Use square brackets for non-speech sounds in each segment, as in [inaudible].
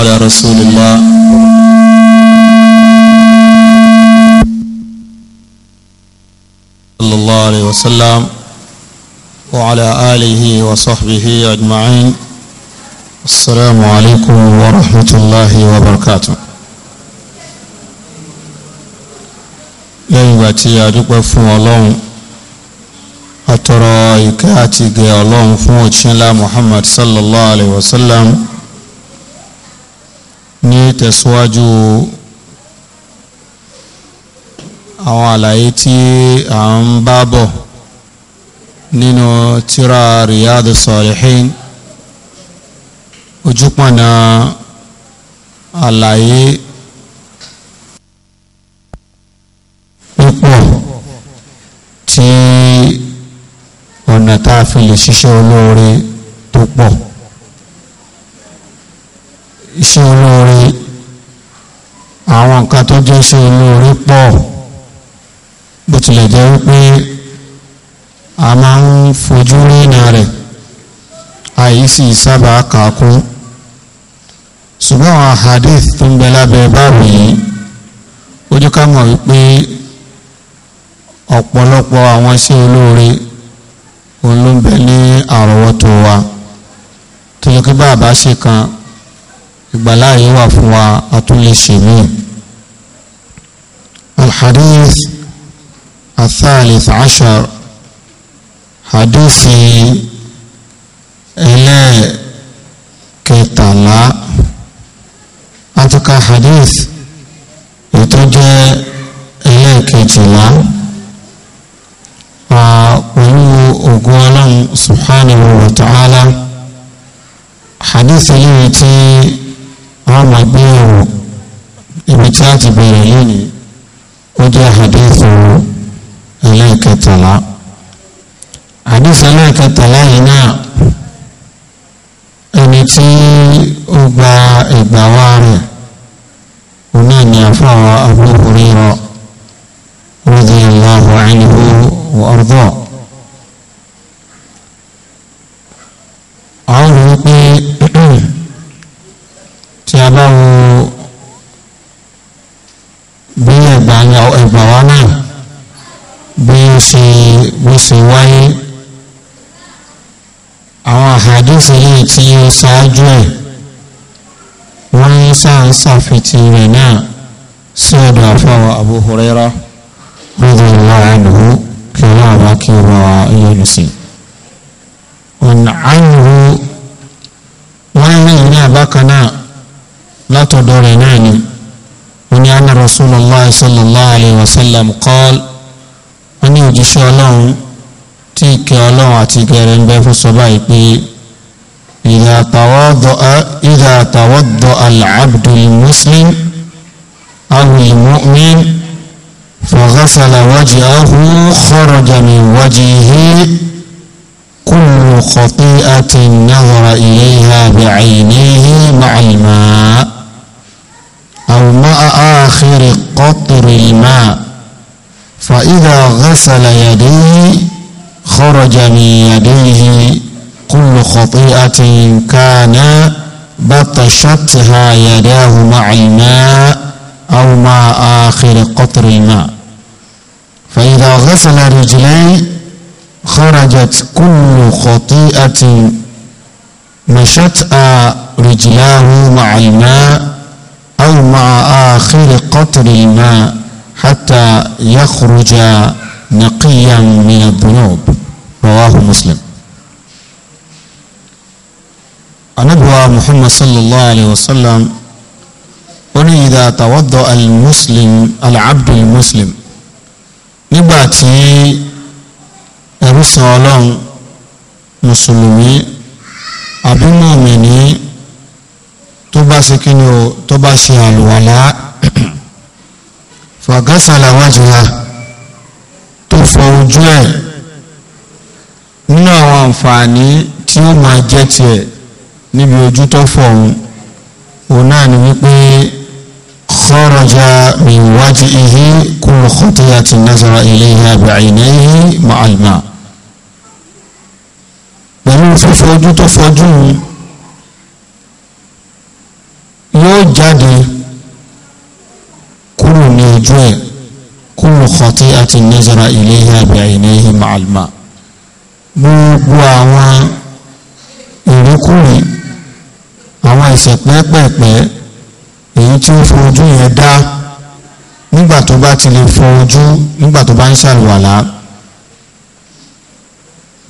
على رسول الله صلى الله عليه وسلم وعلى آله وصحبه أجمعين السلام عليكم ورحمة الله وبركاته lẹ́yìn ìgbà tí a dúpẹ́ fún ọlọ́run a tọrọ ìkẹ́ àti ìgẹ̀ ọlọ́run fún òjíṣẹ́ ńlá muhammad sallallahu alayhi wa sallam ní tẹ̀síwájú àwọn àlàyé tí a ń bá bọ̀ nínú tírà Riyadu Salihin ojúpọ̀nà àlàyé púpọ̀ tí ọ̀nà tá a fi lè ṣiṣẹ́ olóore tó pọ̀. iṣẹ́ olóore àwọn nǹkan tó jẹ́ iṣẹ́ olóore pọ̀ bó tilẹ̀ jẹ́ wípé a máa ń fojú rínà rẹ̀ àyí sì sábà kàkún ṣùgbọ́n àwọn hadith tó ń bẹ lábẹ́ báàbù yìí ká mọ̀ wípé ọ̀pọ̀lọpọ̀ àwọn iṣẹ́ olóore òun wa tó yẹ kí bá a kan ìgbàláyé wà fún wa àtúnlẹ̀ṣẹ̀ míì alhadith athalith ashar hadithi ẹlẹ́ẹ̀kẹtàlá àtúkà hadith ètò jẹ́ ẹlẹ́ẹ̀kejìlá pẹ̀lú ògùn ọlọ́run subhanahu wa ta'ala hadith yìí tí wọ́n máa gbé ẹ̀wọ̀ ibi tí a ti bẹ̀rẹ̀ lónìí ó jẹ́ hadith ẹlẹ́ẹ̀kẹtàlá hadith ẹlẹ́ẹ̀kẹtàlá yìí náà ẹni tí ó gba ẹ̀gbà wá rẹ̀ òun náà ni àfọwọ́ Abu Hurairah radiyallahu anhu wa ardahu. ṣe wáyé àwọn àhàdíìsì yìí tí ó ṣáájú ẹ̀ wọ́n ń sáǹsàfitì rẹ̀ náà sí ọ̀dọ̀ àfọwọ́ Abu Huraira radiyallahu anhu kí wọ́n bá kí wọ́n yẹnu sí ọ̀nà àyùrú wọ́n ní ìní àbákan náà látọ̀dọ̀ rẹ̀ náà ni wọ́n ní anna Rasulullah sallallahu alayhi wa sallam qala wọ́n ní òjíṣẹ́ ọlọ́run tí ìkẹ́ ọlọ́run àti ìkẹrẹ ń bẹ fún sọ báyìí pé ìdá àtàwọ́dọ̀ al-abdul muslim awil mu'min faghasala wajhahu kharaja min wajhihi kullu khati'atin nadhara ilayha bi'aynihi ma'al ma' aw ma'a akhiri qatri al-ma' fa idha ghasala yadayhi خرج من يديه كل خطيئة كان بطشتها يداه مع الماء أو مع آخر قطر الماء فإذا غسل رجليه خرجت كل خطيئة مشت رجلاه مع الماء أو مع آخر قطر الماء حتى يخرج نقيا من الذنوب رواه مسلم anabuwa muhammad sallallahu alaihi wasallam wani idha tawadda al-muslim al-abdu al-muslim nígbà tí ẹrúsìn ọlọ́run mùsùlùmí àbí mùmíní tó bá ṣe kí ni o tó bá ṣe àlùwàlá fagasala wajha tó fọ ojú ẹ̀ nínú àwọn àǹfààní tí ó máa jẹ́ tiẹ̀ níbi ojú tó fọ òun òun náà ni wípé kharaja min wajhihi kullu khatiyatin nazara ilayha bi'aynayhi ma'al ma' pẹ̀lú fífọjú tó fọjú yóò jáde kúrò ní ojú ẹ̀ kullu khati'atin nazara ilayha bi'aynayhi ma'al ma gbogbo àwọn ìrékùnrin àwọn ẹ̀ṣẹ̀ pẹ́ẹ́pẹ́ẹ́pẹ́ èyí tí ó fojú yẹn dá nígbà tó bá ti lè fojú nígbà tó bá ń ṣàlùwàlá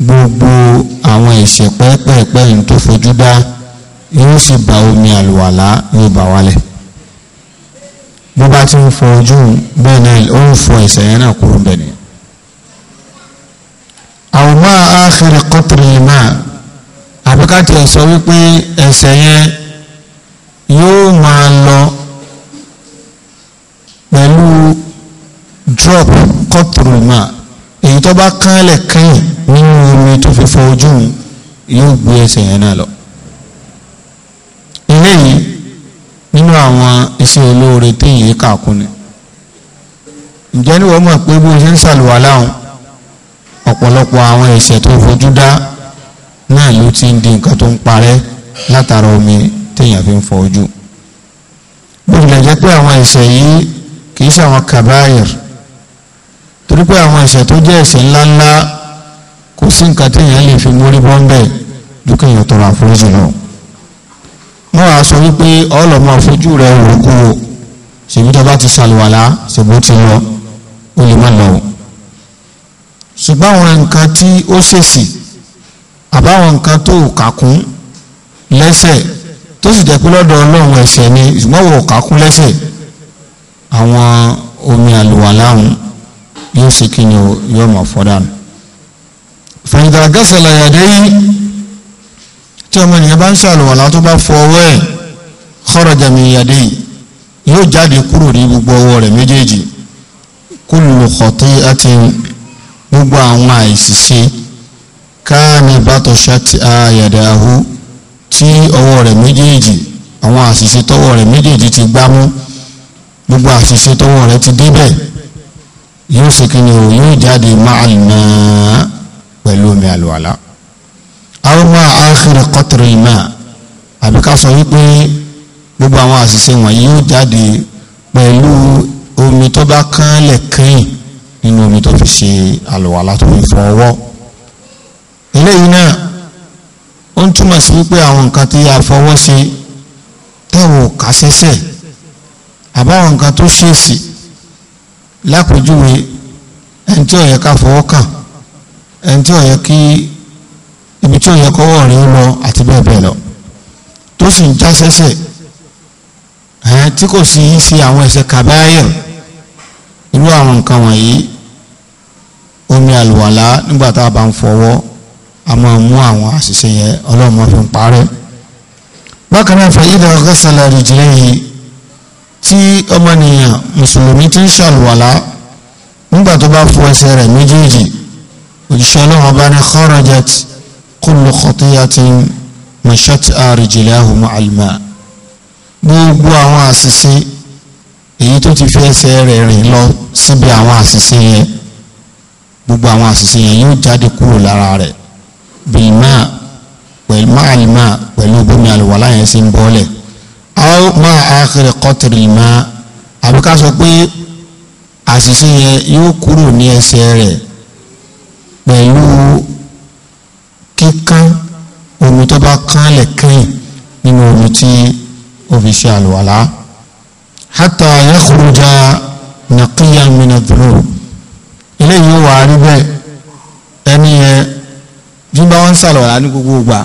gbogbo àwọn ẹ̀ṣẹ̀ pẹ́ẹ́pẹ́ẹ́pẹ́ yìí tó fojú dá yóò sì bà omi àlùwàlá yóò bà wálẹ̀ bó bá ti ń fọ ojú bẹ́ẹ̀ náà ó ń fọ ẹ̀sẹ̀ yẹn náà kúrò bẹ́ẹ̀ ni. àwọn máa áàkiri kọ́pìrì máa àbíkátì ẹ̀ sọ wípé ẹ̀sẹ̀ yẹn yóò máa lọ pẹ̀lú drop kọ́pìrì máa èyí tó bá kán lẹ̀ kẹ́yìn nínú omi tó fi fọ ojú yóò gbé ẹ̀sẹ̀ yẹn náà lọ. àwọn iṣẹ́ olóore téèyàn kà kún ni ǹjẹ́ ni wọ́n mọ̀ pé bó ṣe ń ṣàlùwà láwọn ọ̀pọ̀lọpọ̀ àwọn ẹ̀ṣẹ̀ tó fojú dá náà ló ti ń di nǹkan tó ń parẹ́ látara omi téèyàn fi ń fọ ojú bó tilẹ̀ jẹ́ pé àwọn ẹ̀ṣẹ̀ yìí kì í ṣe àwọn kàbáyìr torí pé àwọn ẹ̀ṣẹ̀ tó jẹ́ ẹ̀ṣẹ̀ ńláńlá kò sí nǹkan téèyàn lè fi mórí bọ́ ń bẹ̀ àforíjì náà wọ́n wá sọ wípé ọlọ́mọ fojú rẹ̀ òrùkú o ṣèbí tó bá ti ṣàlùwàlá ṣèbó ti lọ ó lè má lọ o ṣùgbọ́n àwọn nǹkan tí ó ṣèṣì àbáwọn nǹkan tó kàkún lẹ́sẹ̀ tó sì jẹ́ pé lọ́dọ̀ ọlọ́run ẹ̀ṣẹ̀ ni ṣùgbọ́n wò kàkún lẹ́sẹ̀ àwọn omi àlùwàlá ọ̀hún yóò ṣe kí ni yóò mọ̀ fọ́dà nù. fàyìntàgẹ́sẹ̀ làyàdé yìí tí ọmọ ènìyàn bá ń ṣàlùwàlá tó bá fọ ọwọ́ ẹ̀ kharaja min yadayhi yóò jáde kúrò ní gbogbo ọwọ́ rẹ̀ méjèèjì kullu khati'atin gbogbo àwọn àìsísí káàní batoshat yadahu tí ọwọ́ rẹ̀ méjèèjì àwọn àṣìṣe tọwọ́ rẹ̀ méjèèjì ti gbámú gbogbo àṣìṣe tọwọ́ rẹ̀ ti débẹ̀ yóò ṣe ni o yóò jáde máa nà pẹ̀lú omi àlùwàlá àwọn máa áhìrì kọ́tìrì náà àbí ká sọ wípé gbogbo àwọn àṣìṣe wọ̀nyí yóò jáde pẹ̀lú omi tó bá kán lẹ̀ kẹ́yìn nínú omi tó fi ṣe àlùwàlá tó fi fọ ọwọ́ eléyìí náà ó ń túmọ̀ sí wípé àwọn nǹkan tí a fọwọ́ ṣe tẹ̀wò kásẹ́sẹ̀ àbáwọn nǹkan tó ṣèèsì lápèjúwe ẹni tí ó yẹ ká fọwọ́ kàn ẹni tí ó yẹ kí ibi tí òye kọ́wọ́ rẹ̀ ń lọ àti bẹ́ẹ̀ bẹ́ẹ̀ lọ tó sì ń jásẹ́sẹ̀ ẹ̀ tí kò sí í ṣe àwọn ẹ̀ṣẹ̀ kàbáyọ̀ irú àwọn nǹkan wọ̀nyí omi àlùwàlá nígbà tá a bá ń fọwọ́ a máa mú àwọn àṣìṣe yẹn ọlọ́run fi ń parẹ́ bákan náà fẹ́ ìdá ọgọ́sàlá rìjìlẹ̀ yìí tí ọmọnìyàn mùsùlùmí ti ń ṣàlùwàlá nígbà tó bá fọ ẹsẹ̀ rẹ̀ méjèèjì òjíṣẹ́ ọlọ́run ọba ní kharajat kullu khatiyatin mashat'a rijlahu ma'al ma gbogbo àwọn àṣìṣe èyí tó ti fi ẹsẹ̀ rẹ̀ rìn lọ síbi àwọn àṣìṣe yẹn gbogbo àwọn àṣìṣe yẹn yóò jáde kúrò lára rẹ̀ bíi máa pẹ̀lú ma'al pẹ̀lú bómi àlùwàlá yẹn sí ń bọ́lẹ̀ aw máa àkèrè kọ́tìrì máa àbí ká sọ pé àṣìṣe yẹn yóò kúrò ní ẹsẹ̀ rẹ̀ pẹ̀lú kíkán omi tó bá kánlẹ̀ kẹ́yìn nínú omi tí ó fi ṣe àlùwàlá hátà yakhruja nàkíyà mìíràn dúró eléyìí wà á rí bẹ́ẹ̀ ẹni yẹn bí bá wọn ń ní gbogbo ìgbà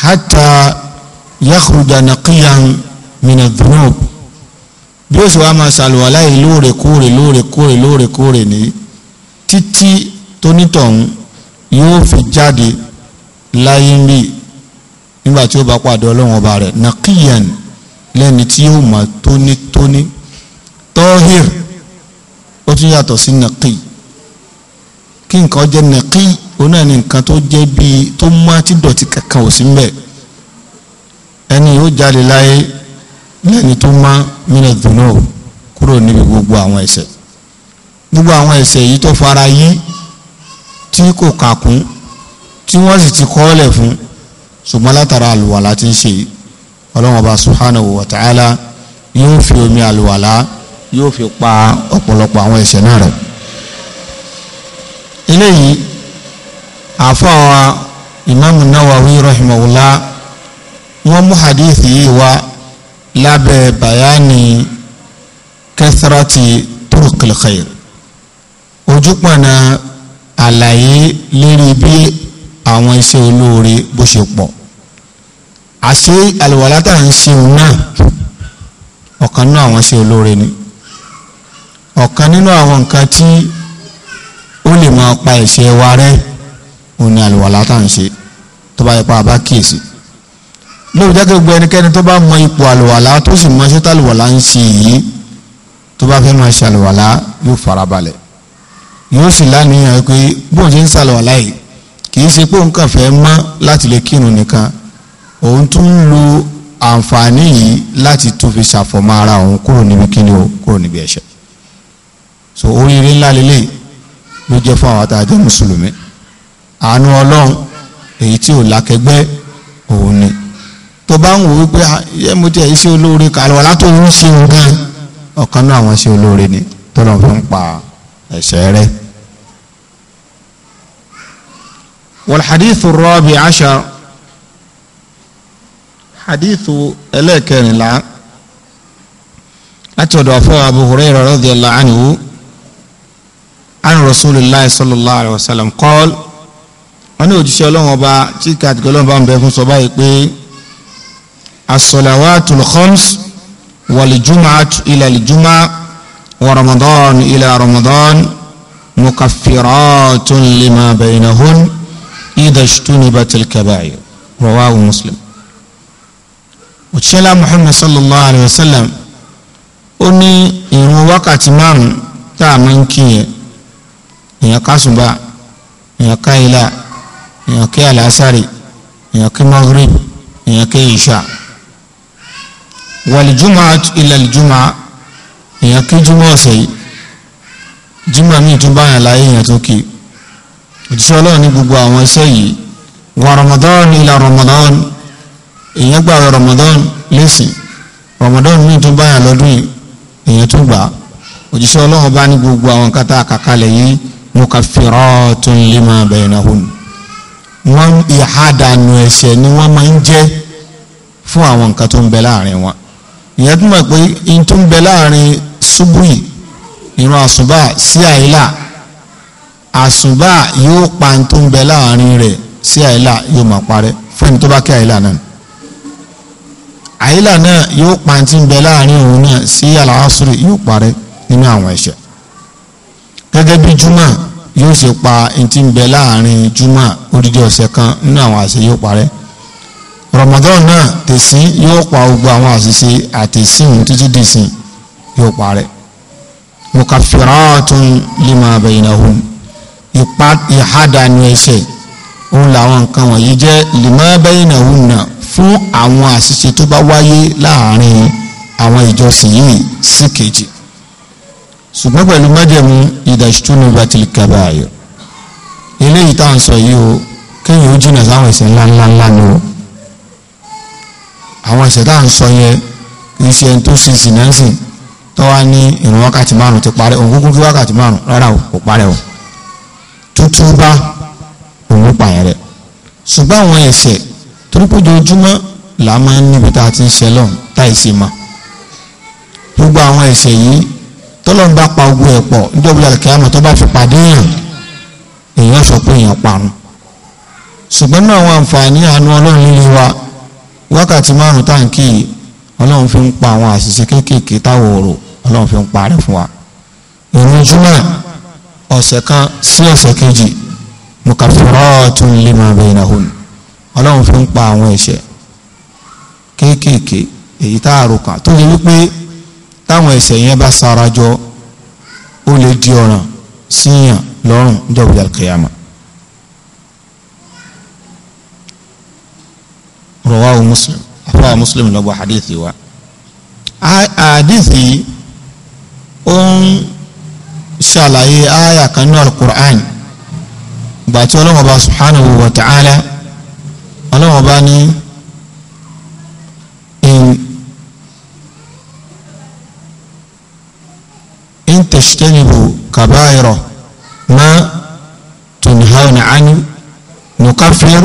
hátà yakhruja naqiyan mina dhunub bí ó sì wá máa ṣàlùwàlá yìí lóòrèkóòrè lóòrèkóòrè lóòrèkóòrè ní títí tónítọ̀hún yóò fi jáde láyé ń bì nígbà tí ó bá pàdé ọlọ́run ọba rẹ̀ naqiyan lẹ́ni tí yóò mọ̀ tónítóní tọ́hìr ó tún yàtọ̀ sí naqi kí nǹkan jẹ́ naqi ó náà ní nǹkan tó jẹ́ bíi tó mọ́ àti dọ̀tí kankan ò sí mbẹ́ẹ̀ ẹni yóò jáde láyé lẹ́ni tó má mílẹ̀ dùnú o kúrò níbi gbogbo àwọn ẹ̀ṣẹ̀ gbogbo àwọn ẹ̀ṣẹ̀ yìí tó fara yí tí kò kàkún tí wọ́n sì ti kọ́ ọ́lẹ̀ fún ṣùgbọ́n látara àlùwàlá ti ń ṣe ọlọ́run ọba subhanahu yóò fi omi àlùwàlá yóò fi pa ọ̀pọ̀lọpọ̀ àwọn ẹ̀ṣẹ̀ náà rẹ̀ eléyìí àfọwà Imam Nawawi rahimahullah wọ́n mú hadithi yìí wá lábẹ́ bayani kẹsàrátì turkil khair ojúpọ̀nà àlàyé lérí bí àwọn iṣẹ́ olóore bó ṣe pọ̀ àṣé àlùwàlátà ń ṣeun náà ọ̀kan nínú àwọn iṣẹ́ olóore ni ọ̀kan nínú àwọn nǹkan tí ó lè máa pa ẹ̀ṣẹ̀ wa rẹ́ òun ni àlùwàlátà ń ṣe tó bá yẹ pa àbá kíyèsí lóòótọ́ jẹ́ gbogbo ẹnikẹ́ni tó bá mọ ipò àlùwàlá tó sì mọ ṣẹ́tà àlùwàlá ń ṣe yìí tó bá fẹ́ máa ṣe àlùwàlá yóò farabalẹ̀ yóò sì lánìyàn pé bóun ṣe ń ṣàlùwàlá yìí kì í ṣe pé òun kàn fẹ́ mọ́ láti lè kírun nìkan òun tún ń lo àǹfààní yìí láti tún fi ṣàfọ̀mọ́ ara òun kúrò níbi kíni o kúrò níbi ẹ̀ṣẹ̀ so oríire ńlá lélẹ̀ ló jẹ́ fún àwọn àtàjẹ́ mùsùlùmí àánú ọlọ́run èyí tí ò lákẹgbẹ́ òun ni tó bá ń wò wípé yẹ mo tiẹ̀ ṣe olóore kàlọ́ látò ń ṣe nǹkan ọ̀kan náà àwọn ṣe olóore ni tó lọ́n fi ń pa ẹ̀ṣẹ̀ rẹ̀. والحديث الرابع عشر حديث إليكن لا أتدفع أبو هريرة رضي الله عنه عن رسول الله صلى الله عليه وسلم قال أنا أجيش الله وبا تيكات قلون بان بيكون صبايك بي الصلوات الخمس والجمعة إلى الجمعة ورمضان إلى رمضان مكفرات لما بينهن إذا اجتنبت الكبائر رواه مسلم وشلا محمد صلى الله عليه وسلم أني إن وقت من تامن كي يا كاسوبا يا كايلا يا كيلا ساري يا كي مغرب يا كي إشاء wàlìjúmọ̀ ìlàlìjúmọ̀ èèyàn kí júmọ̀ ọ̀sẹ̀ yìí júmọ̀ míì tún bá yàn láyé èèyàn tó kì í òjíṣẹ́ ọlọ́run ní gbogbo ramadan ìlà ramadan ramadan lẹ́sìn ramadan míì tún bá yàn lọ́dún yìí èèyàn tún gbà á òjíṣẹ́ bainahun wọ́n ìhádànù ẹ̀ṣẹ̀ ni wọ́n máa ń jẹ́ fún àwọn nǹkan tó ń bẹ láàrin wọn ìyẹn tún mọ̀ pé in tó ń bẹ láàrin ṣubúì ìrun àsùbà sí àìlà àsùbà yóò pa in tó ń bẹ láàrin rẹ̀ sí àìlà yóò máa parẹ́ fún ẹni tó bá kí àìlà náà àìlà náà yóò pa in tí ń bẹ láàrin òun náà sí àlàásùrì yóò parẹ́ nínú àwọn ẹ̀ṣẹ̀ gẹ́gẹ́ bí júmọ̀ yóò ṣe pa in tí ń bẹ láàrin júmọ̀ odidi ọ̀sẹ̀ kan nínú àwọn àṣẹ yóò parẹ́ Ramadan náà tèsí yóò pa gbogbo àwọn àṣìṣe àtẹ̀sí òun títí dìsìn yóò pa rẹ̀ mukaffiratun lima bainahum ìhádàánú ẹ̀ṣẹ̀ òun làwọn nǹkan wọ̀nyí jẹ́ lima bainahum náà fún àwọn àṣìṣe tó bá wáyé láàárín àwọn ìjọsìn yìí sí kejì ṣùgbọ́n pẹ̀lú májẹ̀mú ìdàṣítúnú batil kabair eléyìí tá à ń sọ yìí o kéèyàn ó jìnnà sáwọn ẹ̀ṣẹ̀ ńláńláńlá ni o àwọn ẹ̀ṣẹ̀ tá à ń sọ yẹn kì í ṣe ẹni tó ṣe sinẹ́sìn tó wá ní ìrun wákàtí márùn ti parẹ́ òun kúkú kí wákàtí márùn rárá o kò parẹ́ o tútú bá òun pààyàn rẹ̀ ṣùgbọ́n àwọn ẹ̀ṣẹ̀ torí pé ojoojúmọ́ là máa ń níbi tá a ti ń ṣe lọ́n táì ṣe mọ́ gbogbo àwọn ẹ̀ṣẹ̀ yìí tọ́lọ́n bá pa ogun ẹ̀ pọ̀ níjọba ìyàlẹ̀kẹ́ àmọ́ tó bá fi pàdé èèyàn èèyàn sọ pé èèyàn parun ṣùgbọ́n náà àwọn àǹfààní àánú ọlọ́run líle wa wákàtí márùn táǹkì yìí ọlọ́run fi ń pa àwọn àṣìṣe kéékèèké táwọn òrò ọlọ́run fi ń parẹ́ fún wa ìrun júmọ̀ ọ̀sẹ̀ kan sí ọ̀sẹ̀ kejì mukaffaratun lima bainahun ọlọ́run fi ń pa àwọn ẹ̀ṣẹ̀ kéékèèké èyí tá a rò kàn tó lè wípé táwọn ẹ̀ṣẹ̀ yẹn bá sarajọ ó lè di ọ̀ràn síyàn lọ́rùn dọ̀bìlà kìyàmà rọwáwò muslim afáwà muslim lọ́gbọ̀ hadithi wa hadithi ó ń ṣàlàyé aya kan ní alukur'an gbàtí ọlọ́wọ́n bá subhanahu wa ta'ala ọlọ́wọ́n bá ní in tashtanibu kabairo ma tunhawna ani nukafir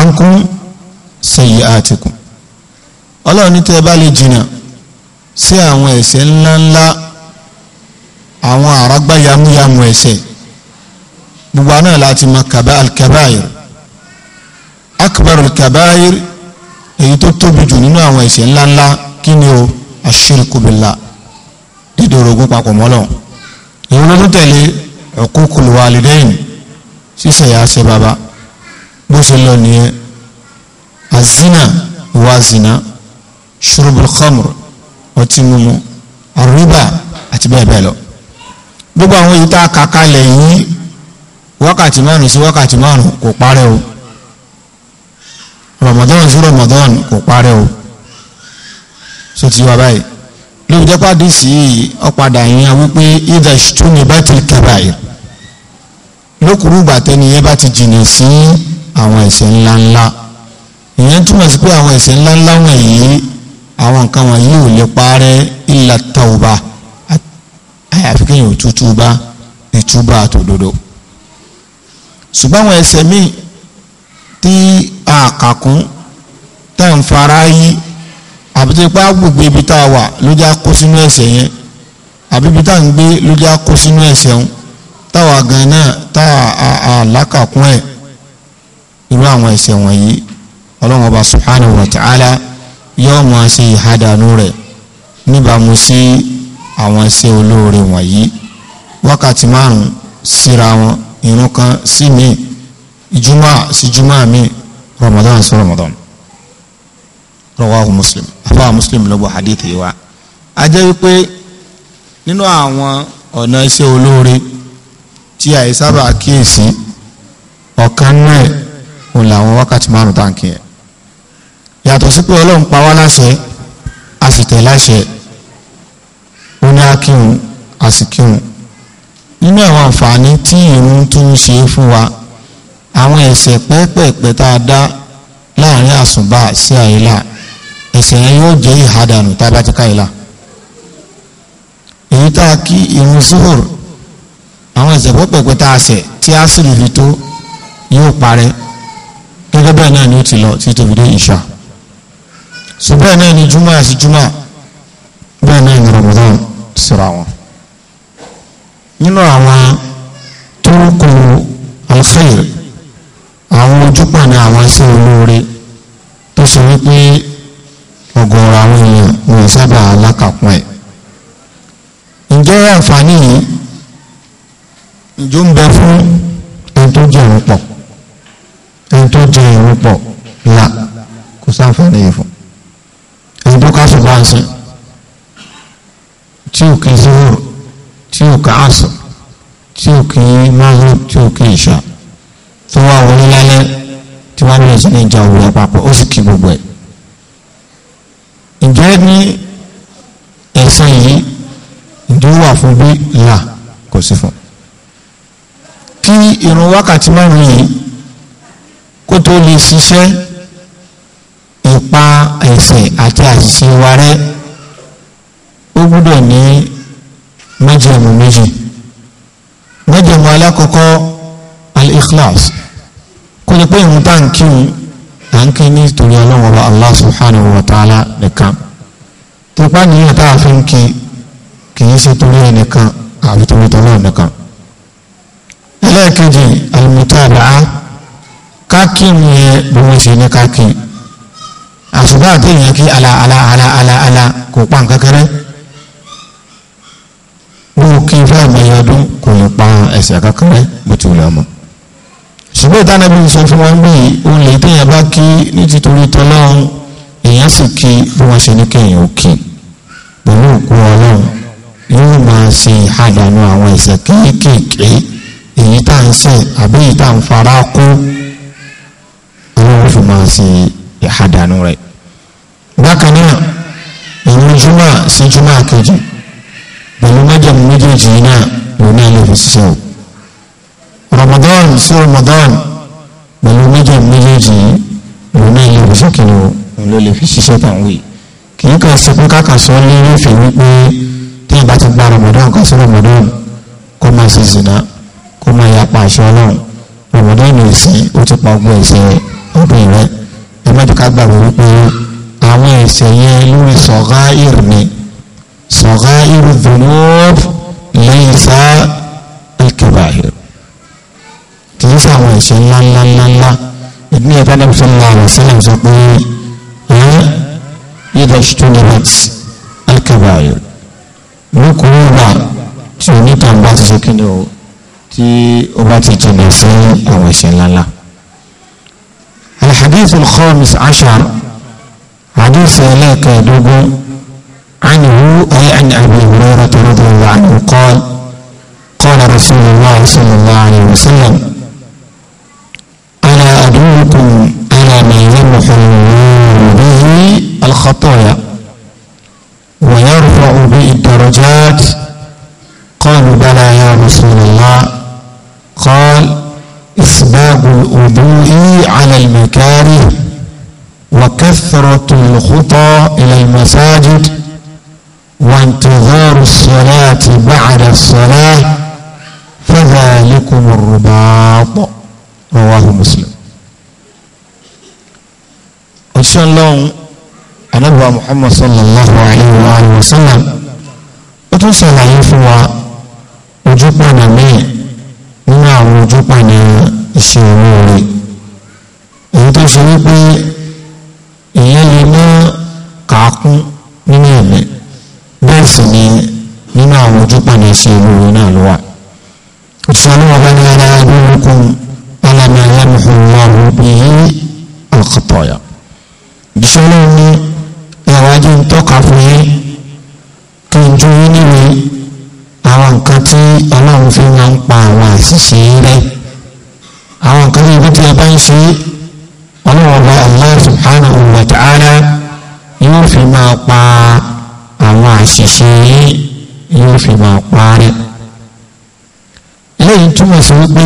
ankum sayyi'atikum ọlọ́run ní tẹ́ ẹ bá lè jìnnà sí àwọn ẹ̀ṣẹ̀ ńláńlá àwọn àràgbá yamuyamu ẹ̀ṣẹ̀ gbogbo àná láti mọ kaba alkabair akbar alkabair èyí tó tóbi jù nínú àwọn ẹ̀ṣẹ̀ ńláńlá kí ni o ashirku billah orogún papọ̀ mọ́lọ̀ èyí ló tẹ̀lé uququl walidain ṣíṣe yà á ṣe bàbá bó ṣe lọ nìyẹn azina ìwà zina ṣurubul khamr ọtí mímu àríbà àti bẹ́ẹ̀ bẹ́ẹ̀ lọ gbogbo àwọn yìí tá a kà kalẹ̀ yìí wákàtí márùn sí wákàtí márùn kò parẹ́ o Ramadan sí Ramadan kò parẹ́ o so ti wá báyìí lóbi jẹ́ pàdé sí ọ̀padà yẹn a wípé either ṣùtúni bá ti kẹba yìí lókùrú gbàtẹ́ni yẹn bá ti jìnnà sí àwọn ẹ̀ṣẹ̀ ńláńlá ìyẹn túmọ̀ sí pé àwọn ẹ̀ṣẹ̀ ńláńlá wọ̀nyí àwọn nǹkan wọ̀nyí ò lè parẹ́ ìlà tàwùbà àyàfi kéèyàn ò tútù bá ìtúbà àtòdodo ṣùgbọ́n àwọn ẹ̀ṣẹ̀ míì tí àkàkún tá à ń fara yí àbí tó ipá gbogbo ibi tá a wà ló já kó sínú ẹ̀ṣẹ̀ yẹn àbí ibi tá à ń gbé ló já kó sínú ẹ̀ṣẹ̀ òun táwa gan náà tá a àlákàkún ẹ̀ irú àwọn ẹ̀ṣẹ̀ wọ̀nyí ọlọ́run ọba subhanahu wa ta'ala yóò máa ṣe ìhádàánú rẹ̀ níbàámu sí àwọn iṣẹ́ olóore wọ̀nyí wákàtí márùn-ún síra wọn ìrun kan sí mi juma sí juma mi ramadan sí ramadan rawahu muslim afa muslim ló gbọ́ hadith yìí wá. a jẹ́ wípé nínú àwọn ọ̀nà iṣẹ́ olóore tí àìsábà kíyèsí ọ̀kan náà òun làwọn wákàtí márùn-ún yẹn yàtọ̀ sí pé ọlọ́run pa wá láṣẹ a sì tẹ̀ láṣẹ ó ní akíhun a sì kíhun nínú àwọn àǹfààní tí ìrun tún ń ṣe fún wa àwọn ẹ̀ṣẹ̀ pẹ́ẹ́pẹ́ẹ́pẹ́ tá a dá láàrin àsùnbà sí àyílà ẹ̀ṣẹ̀ yẹn yóò jẹ́ ìhádànù tá a bá ti ká àyílà èyí tá a kí ìrun zuhur àwọn ẹ̀ṣẹ̀ pẹ́ẹ́pẹ́ẹ́pẹ́ tá a ṣẹ̀ tí a sì rí fi tó yóò parẹ́ gẹ́gẹ́ bẹ́ẹ̀ náà ni ó ti lọ títí tó fi dé ìṣà so bẹ́ẹ̀ náà ni juma àti juma bẹ́ẹ̀ náà ni Ramadan síra wọn nínú àwọn turuku alkhair àwọn ojúgbà ni àwọn ṣe olóore tó ṣe wípé ọ̀gọ̀ọ̀rọ̀ àwọn èèyàn wọn sábà alákàpọ̀ ẹ̀ ǹjẹ́ àǹfààní yìí ǹjọ́ ń bẹ fún ẹni tó jẹ ìrúpọ̀ ẹni tó jẹ ìrúpọ̀ là kò sáǹfààní yìí fún ọdún ká sùn bá ń sàn tí ò kí zoro tí ò ká àṣà tí ò kí mahrib tí ò kí ìṣà tó wà wọlé lálẹ́ tí wàá bẹ̀rẹ̀ sí ní ìjà òwúrọ̀ papọ̀ ó sì kí gbogbo ẹ̀. ǹjẹ́ ní ẹ̀sán yìí ǹjẹ́ wà fún bí là kò sí fún. kí irun wákàtí márùn yìí kó tó lè ṣiṣẹ́ ipa ẹ̀ṣẹ̀ àti àṣìṣe wa rẹ́ ó gbúdọ̀ ní májẹ̀mú méjì májẹ̀mú alákọ̀ọ́kọ́ al-ikhlas kó lè pé ìrun tá à ń kírun à ń kí ní torí ọlọ́run ọba allah subhanahu wa ta'ala nìkan tipa nìyẹn tá a fi kí kì í ṣe torí ẹnìkan àbí torí tọ́lọ́run nìkan ẹlẹ́ẹ̀kejì al-mutaba'a kákìrún yẹn bí wọ́n ṣe ní kákìrún àṣùbà àtẹ̀yìn kí ala ala ala ala ala kò pa nǹkan kẹrẹ wọ́n kí fáàmì ọdún kò lè pa ẹsẹ̀ kankan rẹ bó ti wùlẹ̀ ọmọ ṣùgbọ́n ìtànàbí sọ fún wọn bí olè téèyàn bá kí ní títorí tọ́lọ́run èèyàn sì kí bí wọ́n ṣe ní kéèyàn ó kí pẹ̀lú òkú ọlọ́run yóò máa ṣe àdánù àwọn ẹ̀ṣẹ̀ kéékèèké èyí tá à ń ṣe àbí èyí fara kó ọlọ́run fi máa ṣe ìhádànù rẹ̀ bákan náà ìrun júmọ̀ sí júmọ̀ kejì pẹ̀lú májèmú méjèèjì náà òun náà lè fi ṣiṣẹ́ o Ramadan sí Ramadan pẹ̀lú méjèèjì méjèèjì òun náà lè fi ṣiṣẹ́ kìlọ̀ òun ló lè fi ṣiṣẹ́ tàwọn yìí kì í kàn sí pé káàkà sọ ní ìfẹ wípé tí ìbá ti gba Ramadan kan sí Ramadan kó máa ṣe zina kó máa yapa àṣọ náà Ramadan ò sí ó ti pa ọgbọ́n ẹ̀ṣẹ̀ ọdún rẹ̀ ẹ má jẹ́ ká gbàgbọ́ wípé àwọn ẹ̀ṣẹ̀ yẹn lórí sọ̀gá ìrù ni sọ̀gá ìrù dhunub lẹ́yìn sá al-kabā'ir kì í sàwọn ẹ̀ṣẹ̀ ńláńláńláńlá ìdí ẹ̀ta náà sallallahu alaihi wasallam sọ pé ẹ̀ idhā ijtunibat al-kabā'ir lókùnrin wà tí onítàn ti ṣe kí ni o tí o bá ti jìnnà sí àwọn ẹ̀ṣẹ̀ ńláńlá. الحديث الخامس عشر حديث لا كادوب عنه أي عن أبي هريرة رضي الله عنه قال قال رسول الله صلى الله عليه وسلم ألا أدلكم على ما يمحو الله به الخطايا ويرفع به الدرجات قالوا بلى يا رسول الله قال باب الوضوء على المكاره وكثرة الخطى إلى المساجد وانتظار الصلاة بعد الصلاة فذلكم الرباط رواه مسلم إن شاء الله أبو محمد صلى الله عليه وآله وسلم وتوصل عليه فوا وجوبنا مين نعم وجوبنا iṣẹ́ olóore èyí tó ṣe wípé èèyàn lè má kàákún nínú ẹ̀mí bẹ́ẹ̀ sì ni nínú àwọn ojúpàdé iṣẹ́ olóore náà ló wà iṣẹ́ olóore bá ní ara lórúkún alámi alámihùn lọ́rùn bíi ọ̀kọ̀tọ̀yà iṣẹ́ olóore ní ẹ̀rọ ajé ń tọ́ka fún yín kí n ju yín níwèé àwọn nǹkan tí ọlọ́run fi máa ń pa àwọn àṣìṣe rẹ̀ àwọn kan ní ibi tí a bá ń ṣe ọlọ́wọ́ bá Allah subhanahu wa ta'ala yóò fi máa pa àwọn àṣìṣe yóò fi máa parí. eléyìí túmọ̀ sí wípé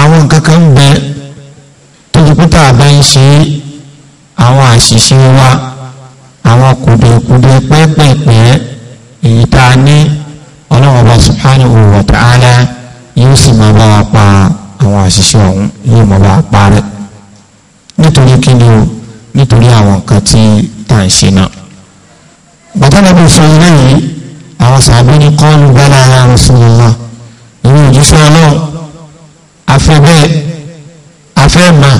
àwọn kankan bẹ tó ti pété àbá ń ṣe àwọn àṣìṣe wa àwọn kùdìkùdì pẹ́pẹ́pẹ́ èyí tá a ní ọlọ́wọ́ bá subhanahu wa yóò sì máa bá wa pa àwọn àṣìṣe ọ̀hún yóò mọ̀ bá parẹ́ nítorí kí ni o nítorí àwọn nǹkan tí tá ń ṣe náà. bàtà fún ilé yìí àwọn sàbí ní kọ́ọ̀lù bala ya Rasulullah nínú òjíṣẹ́ ọlọ́run afẹ́ bẹ́ẹ̀ afẹ́ mà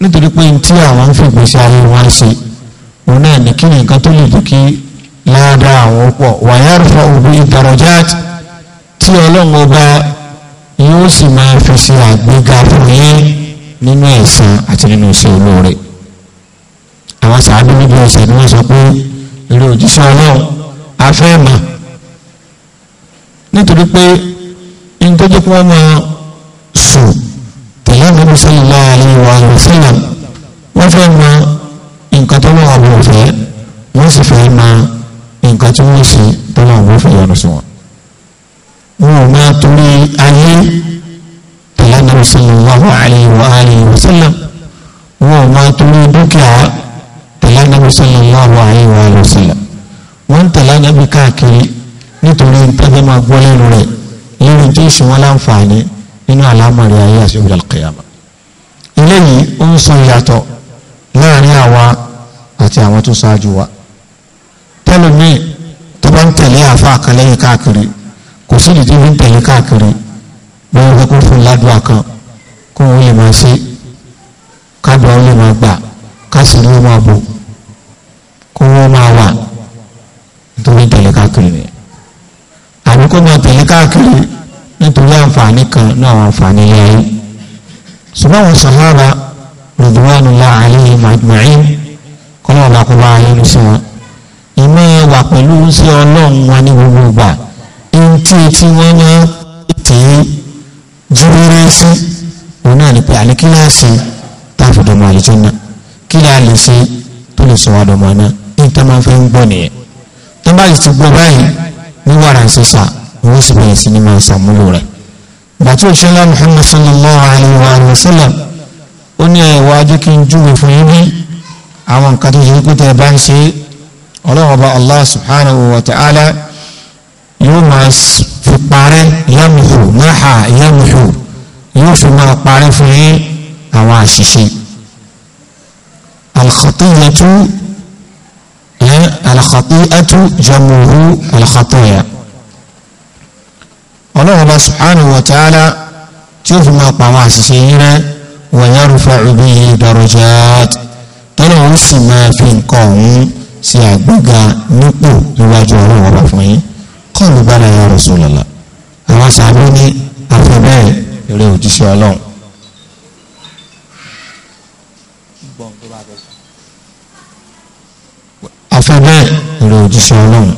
nítorí pé ní tí àwọn ń fi ìgbésí ayé wọn ṣe òun náà ní kí ni nǹkan tó lè jẹ́ kí ládàá àwọn pọ̀ wàyà rúfọ̀ òbí ìdàrọ̀jáàtì tí ọlọ́run ọba yóò sì máa fi ṣe àgbéga fún yín nínú ẹ̀sán àti nínú iṣẹ́ olóore àwọn sàábí níbi ọ̀sẹ̀ ni wọ́n sọ pé eré òjíṣẹ́ ọlọ́run a fẹ́ mọ̀ nítorí pé n tó jẹ́ pé wọ́n máa sùn tẹ̀lé Ànábì sallallahu alaihi wa sallam wọ́n fẹ́ mọ nǹkan tó wọ́n wọ́n fẹ́ wọ́n sì fẹ́ mọ nǹkan tí wọ́n ṣe tó wọ́n wọ́n fẹ́ yọ̀nù sí wọn ò máa torí ayé ìlànà sallallahu alaihi wa alihi wa sallam wọn ò máa torí dúkìá ìlànà sallallahu alaihi wa alihi wa sallam wọn ń tẹ̀lé anábì káàkiri nítorí ntẹ́fẹ́ máa gbọ́ lẹ́nu rẹ̀ lórí tí ìṣù wọn láǹfààní nínú àlámọ̀rẹ́ ayé àti ọjọ́ àlùkìyàmà eléyìí ó ń sọ ìyàtọ̀ láàrin àwa àti àwọn tó ṣáájú wa tẹ́lómi tó bá ń tẹ̀lé àfa àkàlẹ́yìn káàkiri kò sí ìdí fi ń tẹ̀lé káàkiri bóyá wọ́n kó fún ládùá kan kó wọ́n lè máa ṣe kádùá ó lè máa gbà ni ó máa bò kó wọ́n máa wà nítorí tẹ̀lé káàkiri rẹ̀ àbí kó máa tẹ̀lé káàkiri nítorí àǹfààní kan ní àwọn àǹfààní ilé ayé ṣùgbọ́n àwọn sàhábà ridwanullahi alaihim ajma'in kọ́nà ọ̀làkùnrin ayé ló sí wọn pẹ̀lú sí ọlọ́run wa ní gbogbo ìgbà ntí etí wọn máa tè é jíwèrè sí òun náà ní pé àní kí láà ṣe tá a fi dọ̀mọ̀ àlejò náà kí láà lè ṣe tó lè sọ wá dọ̀mọ̀ náà ní tá máa fẹ́ ń gbọ́ nìyẹn tó bá yìí ti gbọ́ báyìí ní wàrà ń sọ̀sà owó sì bẹ̀rẹ̀ sí ni máa ṣàmúlò rẹ̀ bàtú òṣèlú Muhammad sallallahu alayhi wa sallam ó ní ẹ̀wà ajé kí n júwe fún yín bí àwọn nǹkan tó ṣe kú tẹ̀ bá ń ṣe ọlọ́run ọba Allah subhanahu wa ta'ala yóò máa fi parẹ́ yamuhu náà yamuhu yóò fi máa parẹ́ fún yín àwọn àṣìṣe alxatiyatu ẹ alxatiyatu jamuhu alxatiya ọlọ́run bá subhanahu wa ta'ala tí ó fi máa pa àwọn àṣìṣe yín rẹ́ wa yarfa'u bihi darajat tọ́lá òun sì máa fi nǹkan ọ̀hún sí àgbéga nípò níwájú ọlọ́run ọba fún yín kọ́ọ̀lù gbára ya Rasulullah àwọn sàbí ní àfẹ́bẹ́ẹ̀ eré òjíṣẹ́ ọlọ́run. àfẹ́bẹ́ẹ̀ eré òjíṣẹ́ ọlọ́run.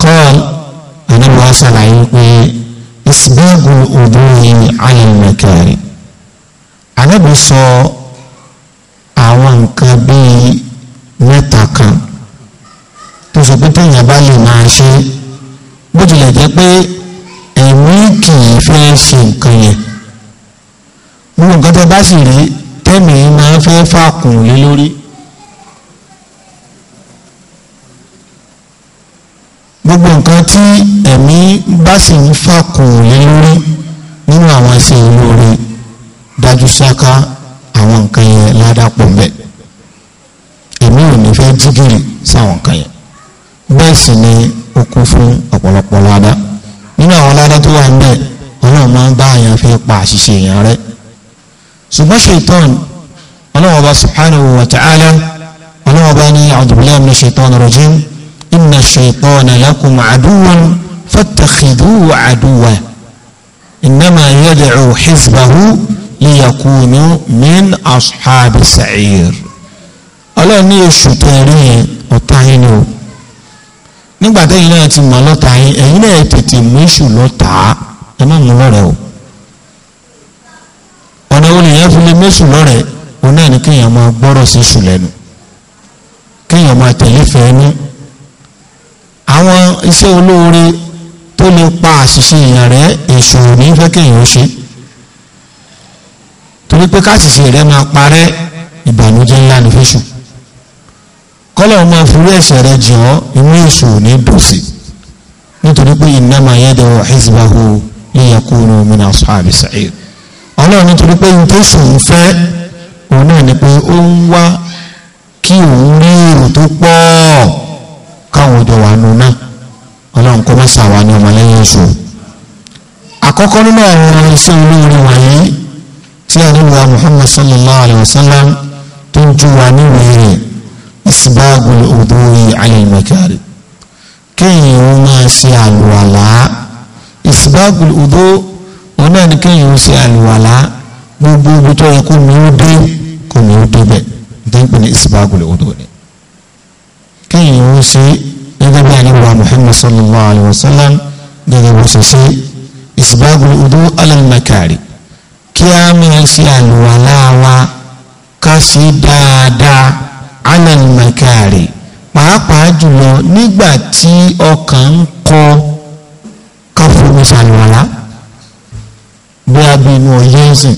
kọ́ọ̀lù ànábìwá sàlàyé pé isbagul wudu'i ala al-makari. ànábì sọ àwọn nǹkan bíi mẹ́ta kan tó sọ pé téèyàn bá lè ń ṣe bó tilẹ̀ jẹ́ pé ẹ̀mí kì í fẹ́ ṣe nǹkan yẹn gbogbo nǹkan tẹ́ bá sì rí tẹ́mi máa fẹ́ fàkùn lé lórí. gbogbo nǹkan tí ẹ̀mí bá sì ń fàkùn lé lórí nínú àwọn ẹsẹ̀ olóore dájú sáká àwọn nǹkan yẹn ládàpọ̀ mbẹ́ ẹ̀mí ò ní fẹ́ jígìrì sáwọn nǹkan yẹn bẹ́ẹ̀ sì ni ó kún fún ọ̀pọ̀lọpọ̀ ládá nínú àwọn ládá tó wà níbẹ̀ ọlọ́run máa ń bá èèyàn fi pa àṣìṣe èèyàn rẹ ṣùgbọ́n ṣètọ́n ọlọ́run ọba subhanahu wa ta'ala ọlọ́run ọba ní a'udhu billahi minash shaitanir rajim inna ash-shaytana lakum aduwwan fattakhiduhu aduwwa innama yad'u hizbahu min ashabis sa'ir ọlọ́run ní oṣù tẹ̀rí ọ̀tá yín ni o nígbà tẹ́yìn náà ti mọ̀ lọ́ta yín ẹ̀yin náà tètè mú iṣu lọ́ta ẹ má mú lọ́rẹ̀ o ọ̀nà olùyẹn fún mi méṣù lọ́rẹ̀ òun náà ni kéèyàn máa gbọ́rọ̀ sí iṣu lẹ́nu kéèyàn máa tẹ̀lé fẹ́ ní àwọn iṣẹ́ olóore tó lè pa àṣìṣe èèyàn rẹ èṣù ní fẹ́ kéèyàn ó ṣe torí pé káṣìṣe rẹ máa parẹ́ ìbànújẹ́ ńlá ni fẹ́ṣù kọ́lọ̀ ọmọ ìfúrú ẹ̀ṣẹ̀ rẹ jọ inú èṣù ní dòsì nítorí pé innama yad'u hizbahu liyakunu min ashabi sa'ir ọlọ́run nítorí pé ìtẹ̀sù ń òun náà ni pé ó ń wá kí òun rí èrò tó pọ̀ káwọn ọjọ́ wà nù náà ọlọ́run kó má sàwà ní ọmọlẹ́yìn èṣù àkọ́kọ́ nínú àwọn iṣẹ́ olóore wọ̀nyí tí àníwá Muhammad sallallahu alayhi wa sallam tó ń ju wa níwèé rẹ̀ ìsìbáàgùn òdò àyìnmẹ̀kárì kéèyàn ó máa ṣe àlùwàlá ìsìbáàgùn òdò wọn náà ni kéèyàn ó ṣe àlùwàlá gbogbo ibi tó yẹ kó mi ó dé kó mi ó débẹ̀ dẹ́gbẹ̀ ní ìsìbáàgùn òdò ni kéèyàn ó ṣe gẹ́gẹ́ bí àníwá Muhammad sallallahu alayhi wa sallam gẹ́gẹ́ bó ṣe ṣe ìsìbáàgùn òdò alàmẹ̀kárì kí a máa wa ká ṣe alal makari pàápàá jùlọ nígbà tí ọkàn ń kọ káfọmi ṣàlùwàlá bí abinú ọyẹ́ ń sìn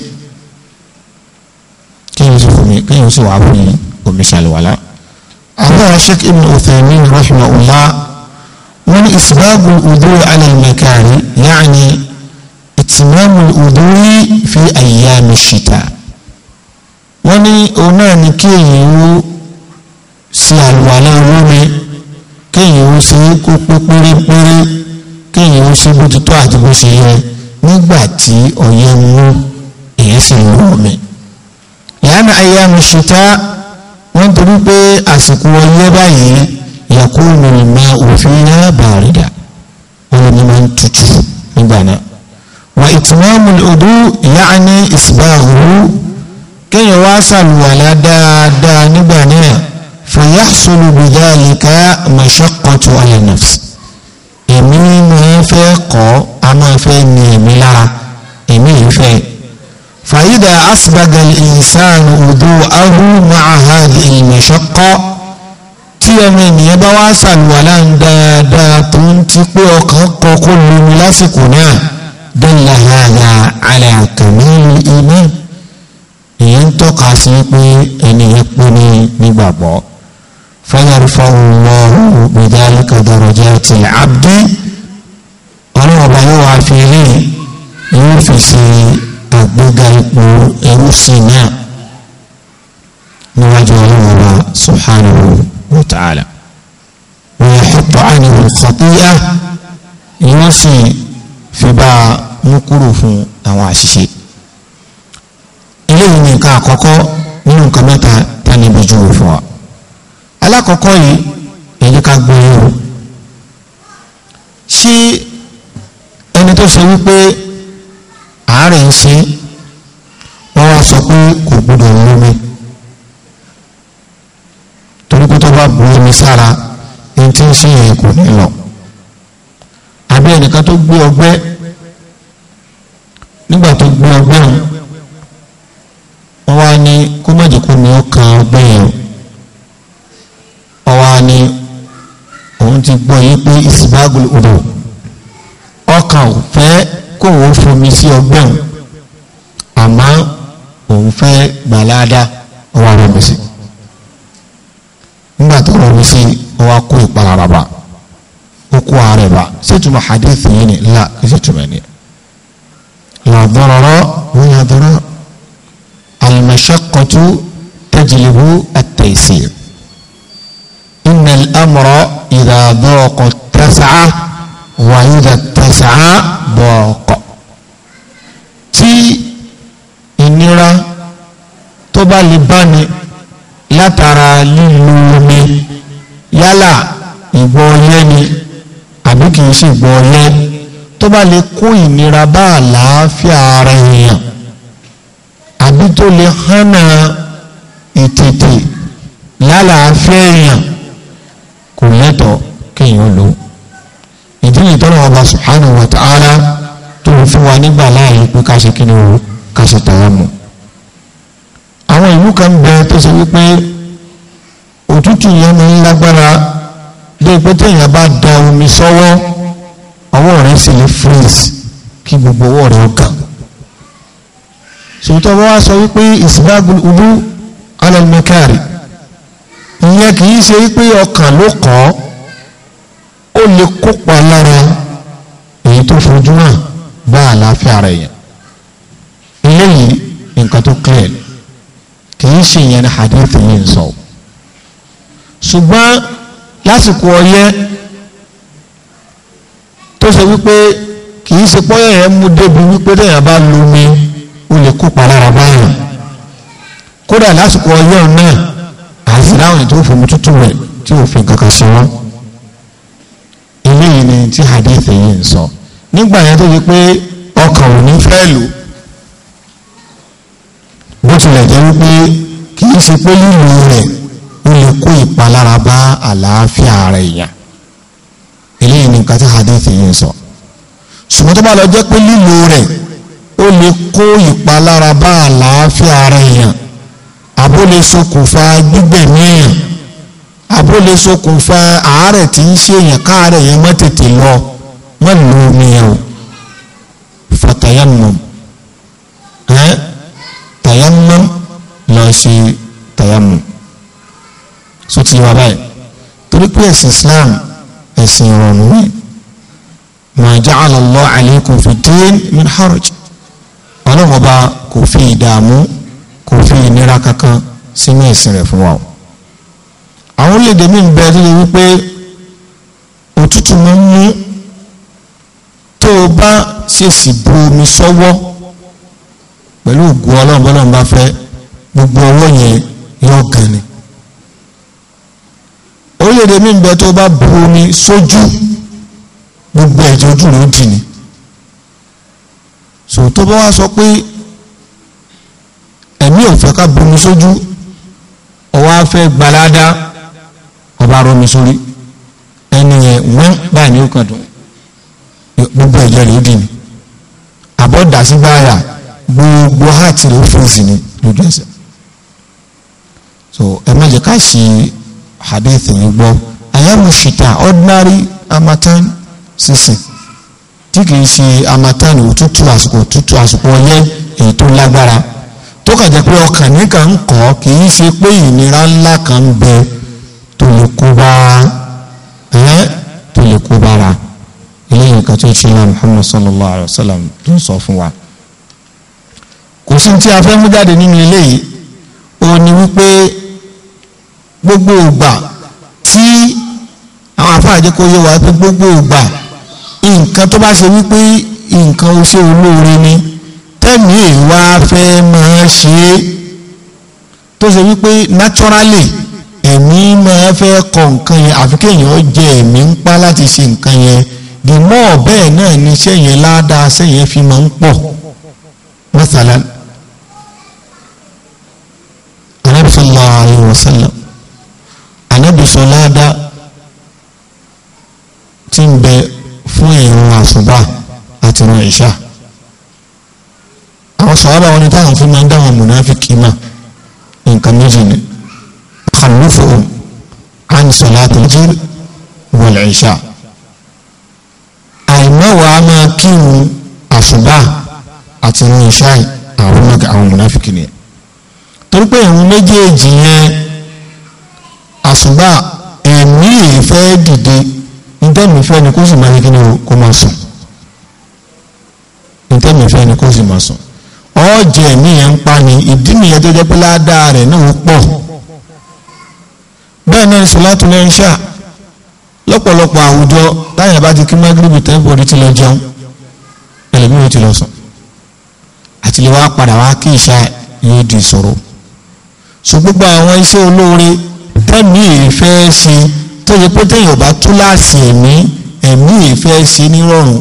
kéèyàn sì fún mi kéèyàn sì wàá fún omi ṣàlùwàlá. àbúrò sheikh ibn uthaymin rahimahullah wọn ní isbabu udu alal makari yaani ìtìmọ́mù udu fi ayyami shita wọ́n ní òun náà ní kéèyàn wó sí àlùwàlá olómi kéèyàn ó ṣe é kó pé pérépéré kéèyàn ó ṣe bó ti tọ́ àti bó ṣe yẹ nígbà tí ọ̀yẹ́ ń mú èyí sì ń lò omi. ìyáàmì ayé mi ṣètá wọ́n torí pé àsìkò ọyẹ́ báyìí yàkó mìíràn òfin náà wọ́n ní máa ń tutù nígbà náà. wà ìtìmọ́mù odò ìyá ni ìsìbáàrú kéèyàn wá sàlùwàlá dáadáa nígbà náà fàyàsùlù bìdálìkà màṣàkọ̀tù àlẹ́nàfs èmi máa fẹ́ kọ́ a máa fẹ́ ní èmi lára èmi yìí fẹ́ fàyídà asbaga ìsàn odò ahu màáha ìmàṣàkọ̀ tí ọmọ ènìyàn bá wá sàlùwàlà ń dáadáa tó ń ti pé ọkàn kọ kó lómi lásìkò náà dalla hada ala kamil iman èyí ń tọ́ka sí pé ẹni yẹn pé ní nígbàgbọ́ fayarufa Allahu bidhalika darajati al-abdi ọlọ́wọ́ bá yóò wá fi rí yóò fi ṣe àgbéga ipò ẹrúsìn náà níwájú ọlọ́wọ́ bá subhanahu wa ta'ala wa yahutu anhu al-khati'a yóò sì fi bá fún àwọn àṣìṣe eléyìí ni nǹkan àkọ́kọ́ nínú nǹkan mẹ́ta tánibí júwe fún wa alákọ̀ọ́kọ́ yìí èyí ká gbọ́ yìí o ṣé ẹni tó ṣe wípé àárẹ̀ ń ṣe wọ́n wá sọ pé kò gbọ́dọ̀ mú mi torí pé tó bá bu omi sára ẹni tí ń ṣe yẹn kò ní lọ àbí ẹnìkan tó gbé ọgbẹ́ nígbà tó gbé ọgbẹ́ wọn wá ní kó má jẹ́ kó mi ó ọgbẹ́ yẹn o wa ni òun ti gbọ́ yí pé ìsìbágùn odò ọkàn fẹ́ kó òun fomi sí ọgbẹ́hùn àmọ́ òun fẹ́ gbàládá ọwọ́ rẹ̀ mi sí nígbà tó rọ̀ mi sí ọwọ́ kó ìpararaba ó kó ààrẹ bá ṣètùmọ̀ hadith yìí ni là ṣètùmọ̀ ni làdọ́rọ̀rọ̀ wọ́n yàdọ́rọ̀ al-mashaqqatu tajlibu at inna al-amra idha daqa ittasa'a wa ضاق. تي daqa tí ìnira لا ترى lè يلا ní látara lílo omi yálà ìgbọ́ ọyẹ́ ni àbí kìí ṣe ìgbọ́ ọyẹ́ tó bá lè kó ìnira bá àlàáfíà ara èèyàn àbí tó lè hánà ètètè lálàáfíà èèyàn subhanahu wa ta'ala tó ń fún wa nígbà láàyè pé ká ṣe kíni o ká ṣe tayammum àwọn ìlú kan bẹ tó ṣe wípé òtútù yẹn ní lágbára bí pé téèyàn bá da omi sọ́wọ́ ọwọ́ rẹ̀ sì lè freeze kí gbogbo ọwọ́ rẹ̀ ó kàn sòtọ́ wọ́n wá sọ wípé ìsìlágùn ubú alẹ́mẹ́kárì ìyẹn kì í ṣe wípé ọkàn ló kàn ó lè kópa lára èyí tó fojú hàn bá àlàáfíà rẹ̀ yẹn eléyìí nǹkan tó clear kìí ṣe yẹn ní hadith yìí ń sọ ṣùgbọ́n lásìkò ọyẹ́ tó ṣe wípé kìí ṣe pọ́yẹ̀ yẹn mú débi wípé lẹ́yìn bá lómi o lè kópa lára báyìí kódà lásìkò ọyẹ́ náà àìsíláwọn ètò òfòmù tútù rẹ̀ tí òfin kankan ṣe wọ́n eléyìí ni ti hadith yìí ń sọ nígbà yẹn tó fi pé ọkàn ò ní fẹ́ lò bó tilẹ̀ jẹ́ wípé kì í ṣe pé lílo rẹ̀ ó lè kó ìpalára bá àlàáfíà ara èèyàn eléyìí ni nǹkan tí hadith yìí ń sọ ṣùgbọ́n tó bá lọ jẹ́ pé lílo rẹ̀ ó lè kó ìpalára bá àlàáfíà ara èèyàn àbó lè ṣokùnfà gbígbẹ̀mí èèyàn àbó lè ṣokùnfà àárẹ̀ tí ń ṣe èèyàn káàárẹ̀ yẹn mọ́ tètè lọ wọ́n lò ó nìyẹn o fatayammum ẹ́ tayammum lọ ṣe tayammum so ti wá báyìí torí pé ẹ̀sìn Islam ẹ̀sìn ìrọ̀rùn ni ma ja'ala Allah alaykum fi din min haraj ọlọ́run ọba kò fi ìdààmú kò fi ìnira kankan sínú ẹ̀sìn rẹ̀ fún wa o àwọn orílẹ̀-èdè ń bẹ tó lè wípé òtútù máa ń mú tó o bá ṣèṣì bu omi sọ́wọ́ pẹ̀lú ògùn ọlọ́run bọ́lọ́run bá fẹ́ gbogbo ọwọ́ yẹn yọ gan ni orílẹ̀-èdè mi ń bẹ tó bá bu omi sójú gbogbo ẹ̀jẹ̀ ojú ló dì ní so tó bá wá sọ pé ẹ̀mí ò fẹ́ ká bu omi sójú ọwọ́ á fẹ́ gbalada ọba rọ sórí ẹni yẹn wọ́n báyìí ní ó kàn dùn gbogbo ẹ̀jẹ̀ rẹ̀ dì ní àbọ̀dà sí gbáyà gbogbo heart rẹ̀ fúrufú lójú ẹsẹ̀ so ẹ má jẹ́ ká ṣe hadith yẹn gbọ́ àyẹ̀wò fìtà ordinary amatan, season tí kì í ṣe harmattan òtútù àsìkò òtútù àsìkò ọyẹ́ èyí tó lágbára tó kà jẹ́ pé ọkàn nìkan ń kọ́ kì í ṣe pé ìnira ńlá kan ń bẹ tó lè kó bá ẹ́ tó lè kó bára ilé nǹkan tó ṣe náà Muhammad sallallahu alayhi wa sallam tó ń sọ fún wa kò sí tí a fẹ́ mú jáde nínú ilé yìí òun ni wípé gbogbo ìgbà tí àwọn afáàjẹ kò yé wa pé gbogbo ìgbà nǹkan tó bá ṣe wípé nǹkan oṣù olóore ni tẹ́mi ìwà fẹ́ máa ṣe é tó ṣe wípé naturally ẹ̀mí máa fẹ́ kọ nǹkan yẹn àfi kéèyàn jẹ ẹ̀mí ń pa láti ṣe nǹkan yẹn the more bẹ́ẹ̀ náà ni iṣẹ́ yẹn ládàá iṣẹ́ yẹn fi máa ń pọ̀ masalan anabi sallallahu alayhi wa sallam anabi sọ ládàá tí ń bẹ fún ìrun àṣùbà àti ìrun ìṣà àwọn sọ̀rọ̀ àwọn táwọn fi máa ń dáwọn mùnáfíkì mà nǹkan méjì ni kàlùfò àǹsọ̀lá tó jí wal ìṣà kírun àṣùbà àti irun ìṣáì àwọn àwọn mùnáfíkì nìyẹn torí pé ìrun méjèèjì yẹn àṣùbà ẹ̀mí ìfẹ́ dìde ìtẹ́mi fẹ́ ni kó sì máa kíni kó máa sùn ìtẹ́mi fẹ́ ni kó sì máa sùn ọ̀jẹ̀ ẹ̀mí yẹn ń pa ni ìdí nìyẹn tó jẹ́ pé ládàá rẹ̀ náà pọ̀ bẹ́ẹ̀ náà sọ̀látù lẹ́yìn ṣáà lọ́pọ̀lọpọ̀ àwùjọ táyà bá ti kí mágíríbì tẹ́ńpọ̀rì ti lọ jẹun ẹlòmíì yóò ti lọ sùn àti lè wá padà wá kí ìṣá yóò di ìṣòro so gbogbo àwọn iṣẹ́ olóore tẹ̀mí ìfẹ́ ṣe tó yẹ pé téèyàn bá tú láàsì ẹ̀mí ẹ̀mí ìfẹ́ ṣe nírọ̀rùn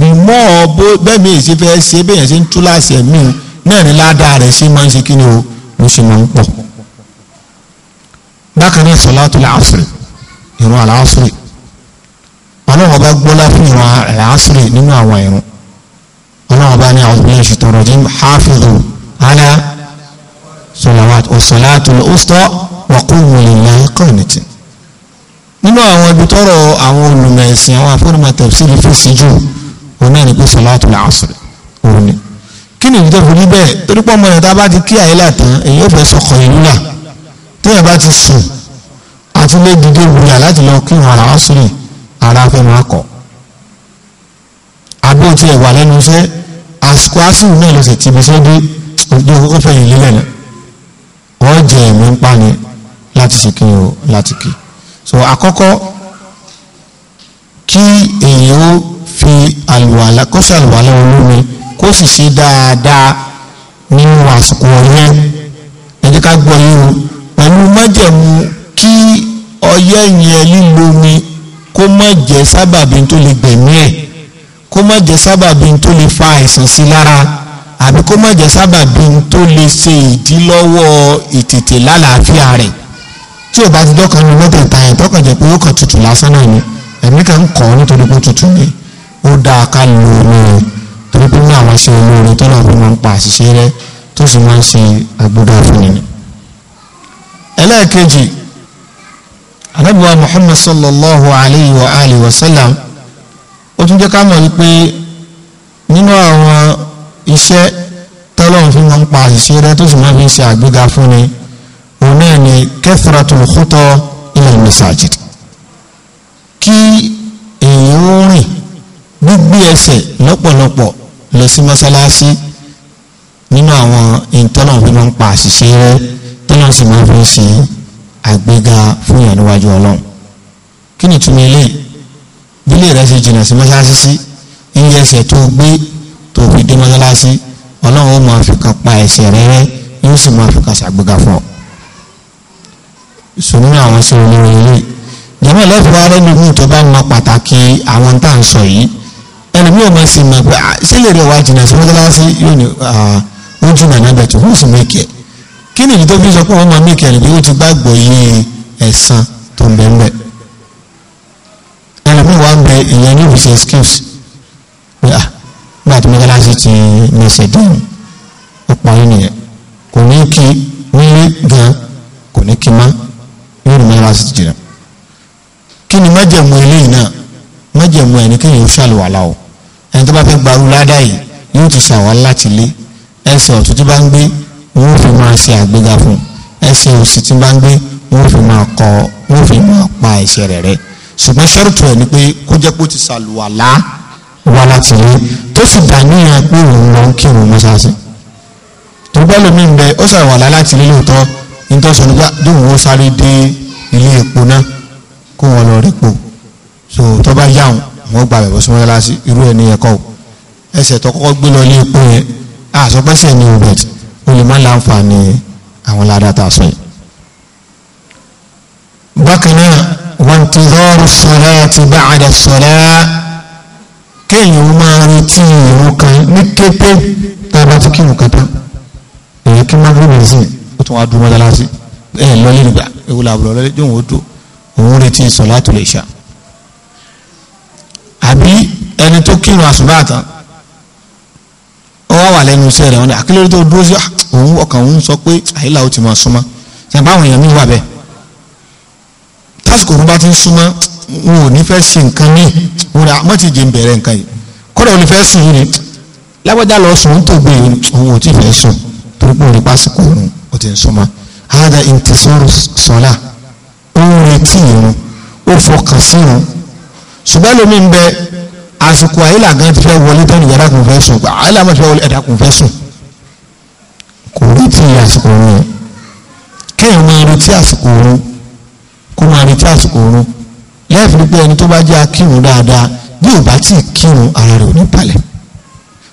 bí mọ́ ọ bó bẹ́ẹ̀mí ìṣe fẹ́ ṣe béèyàn ṣe ń tú láàsì ẹ̀mí náà ní ládàá rẹ̀ ṣe máa ń ṣe kí ni o ló ṣe máa ń pọ̀ bákan náà sọláàtú làásìrì ìrun àlàásìrì ọlọ́run ọba gbọ́lá fún ìrun àlàásìrì nínú àwọn ìrun ọlọ́run bá ní àwọn ìbílẹ̀ ìṣètò rọ̀jìn hafizu ala salawat wasalatul usta wa qumu lillahi qanitin. nínú àwọn ibi tọrọ àwọn olùmọ̀ ẹ̀sìn àwọn afọ́nàmọ̀ tafsiri fèsì jù òun náà ní pé salatul asr òun ni. kí ni ìjọba òní bẹ́ẹ̀ torí pọ́ mọ́ni tá a bá ti kí àyílà tán èyí ò fẹ́ sọkọ̀ ìlú là téèyàn bá ti sùn àti lé dìde wùyà láti lọ kí wọn àlàásùrì ara fẹ́ máa kọ̀ àbí ó ti ẹ̀wà lẹ́nu iṣẹ́ àsìkò àsìkò náà lọ́sẹ̀ tí ibi sọ́dé ojú kókó fẹ̀yìn lílẹ̀ náà wọ́n jẹ ẹ̀mí ń pani láti ṣe kí o láti kí so àkọ́kọ́ kí èèyàn ó fi àlùwàlà kó ṣe àlùwàlà olómi kó sì ṣe dáadáa nínú àsìkò ọyẹ́ ẹ jẹ́ ká gbọ́ yìí o pẹ̀lú májẹ̀mú kí ọyẹ́ yẹn lílo omi kó má jẹ́ sábàbí tó lè gbẹ̀mí ẹ̀ kó má jẹ́ sábàbí tó lè fa àìsàn sí lára àbí kó má jẹ́ sábàbí tó lè ṣe ìdílọ́wọ́ ìtètè lálàáfíà rẹ̀ tí ò bá ti dọ́kan ní mẹ́tẹ̀ẹ̀ta yẹn tọ́kàn jẹ́ pé ó kàn tutù lásán náà ni ẹ̀mí kan ń kọ́ nítorí pé tutù ni ó dáa ká lò ó ní torí pé ní àwọn ṣe olóore tó náà fi máa ń pa àṣìṣe rẹ̀ tó sì máa ń ṣe àgbọ̀dọ̀ fún ni. ẹlẹ́ẹ̀kejì alábùwà Muhammad sallallahu alayhi wa alihi wa sallam ó tún jẹ́ ká mọ̀ wípé nínú àwọn iṣẹ́ tọ́lọ́run fi máa pa àṣìṣe rẹ tó sì máa fi ń ṣe àgbéga fún ni òun náà ni kathratul khuta ilal masajid kí èyí ó rìn gbígbé ẹsẹ̀ lọ́pọ̀lọpọ̀ lọ sí mọ́sálásí nínú àwọn ìtọ́nà fi máa pa àṣìṣe rẹ tọ́nà sì máa fi ń ṣe àgbéga fún ìyànníwájú ọlọ́run kí ni túmọ̀ eléyìí bílẹ̀ rẹ ṣe jìnnà sí mọ́ṣáláṣí sí iye ẹsẹ̀ tó gbé tó fi dé mọ́ṣáláṣí ọlọ́run ó máa fi kan pa ẹsẹ̀ rẹ rẹ yóò sì máa fi kan ṣàgbéga fún ọ. ìṣòro àwọn sí olórí ilé jẹ́mọ̀ lẹ́fọ̀ọ́ arẹ́lùmí tó bá mọ pàtàkì àwọn tá à ń sọ yìí ẹlòmíì máa sì mọ̀ pé sílẹ̀ rẹ̀ wá jìnnà sí mọ́ṣáláṣí yóò ní ó jìnnà nábẹ̀ tó wọ́n sì mẹ́kẹ̀ẹ́ e. kí nìyí tó fi sọ pé wọ́n máa mẹ́kẹ̀ẹ́ rẹ̀ e? bí ó ti gbàgbọ́ yé ẹ̀sán ìyẹn ní ìbùsẹ̀ excuse pé à ah, nígbà tí mọ́sálásí ti ní ṣẹ̀dáhùn ọ̀pọ̀ yìí nìyẹn kò ní kí nílé gan kò ní kí má yóò ní mọ́sálásí ti jìnnà kí ni májẹ̀mú eléyìí náà májẹ̀mú ẹni kí yóò ṣàlùwàlá o ẹni tó bá fẹ́ gbarú ládàá yìí yóò ti ṣàwálá láti lé ẹsẹ̀ ọ̀tún tí bá ń gbé wọ́n fi máa ṣe àgbéga fún ẹsẹ̀ òsì tí bá ń gbé wọ́n fi máa kọ wọ́n fi máa pa ẹ̀ṣẹ̀ rẹ̀ rẹ́ ṣùgbọ́n ṣẹ́rùtù ẹ̀ ni pé kó jẹ́ pé ó ti ṣàlùwàlá wà láti ilé tó sì dà níyàn pé òun lọ kí òun mọ́ṣáṣí tó bẹ́ẹ̀ lómi ń bẹ ó ṣàlùwàlá láti ilé lóòótọ́ nítòsí nígbà dóhùn ó sáré dé ilé epo náà kó wọn lọ rí po so tó bá yá wọn wọn gba àbẹ̀wò sọmọ yàrá sí irú ẹ̀ ní ẹ̀kọ́ o ẹsẹ̀ tó kọ́kọ́ gbé lọ ilé epo yẹn àsọpẹ́sẹ̀ ni obed o lè má láǹfààní àwọn ládàá tá a sọ yìí bákan náà وانتظار الصلاة بعد الصلاة kéèyàn ó máa retí ìrun kan ní kété tá a bá ti kírun kan tán èyí kí mágírìbì sí ó tún wá dúró mọ́tàlásí ẹ lọ́lé nígbà ewu làbúrò lọ́lé jóun ó dùn òun retí sọ̀látù lè ṣá àbí ẹni tó kírun àsùbá tán ó wá wà lẹ́nu iṣẹ́ rẹ̀ wọn ni àkílẹ̀ tó dúró sí òun ọkàn òun sọ pé àyílà ó ti máa súnmọ́ ṣàbáwọn èèyàn mi wà bẹ́ẹ̀ tásìkò òun bá ti ń súnmọ́ wọn ò ní fẹ́ ṣe nǹkan míì wọn rà mọ́tì jẹ́ ń bẹ̀rẹ̀ nǹkan yìí kọ́dà òun fẹ́ sùn yìí ni lágbájá lọ sùn ń tògbé yìí òun ò tí fẹ́ sùn torí pé òun ní pásìkò òun ò ti ń súnmọ́ hada intisaru sọlá ó ń retí irun ó fọkàn sí irun ṣùgbọ́n lómi ń bẹ àsìkò àyílà gan ti fẹ́ wọlé tán ìyára kò fẹ́ sùn àyílà má fẹ́ wọlé ẹ̀dá kò fẹ́ sùn kò retí àsìkò òun kéèyàn máa retí àsìkò òun kó máa retí àsìkò oorun lẹ́ẹ̀fì wípé ẹni tó bá jẹ́ akírun dáadáa bí ò bá tí ì kírun ara rẹ̀ ò ní balẹ̀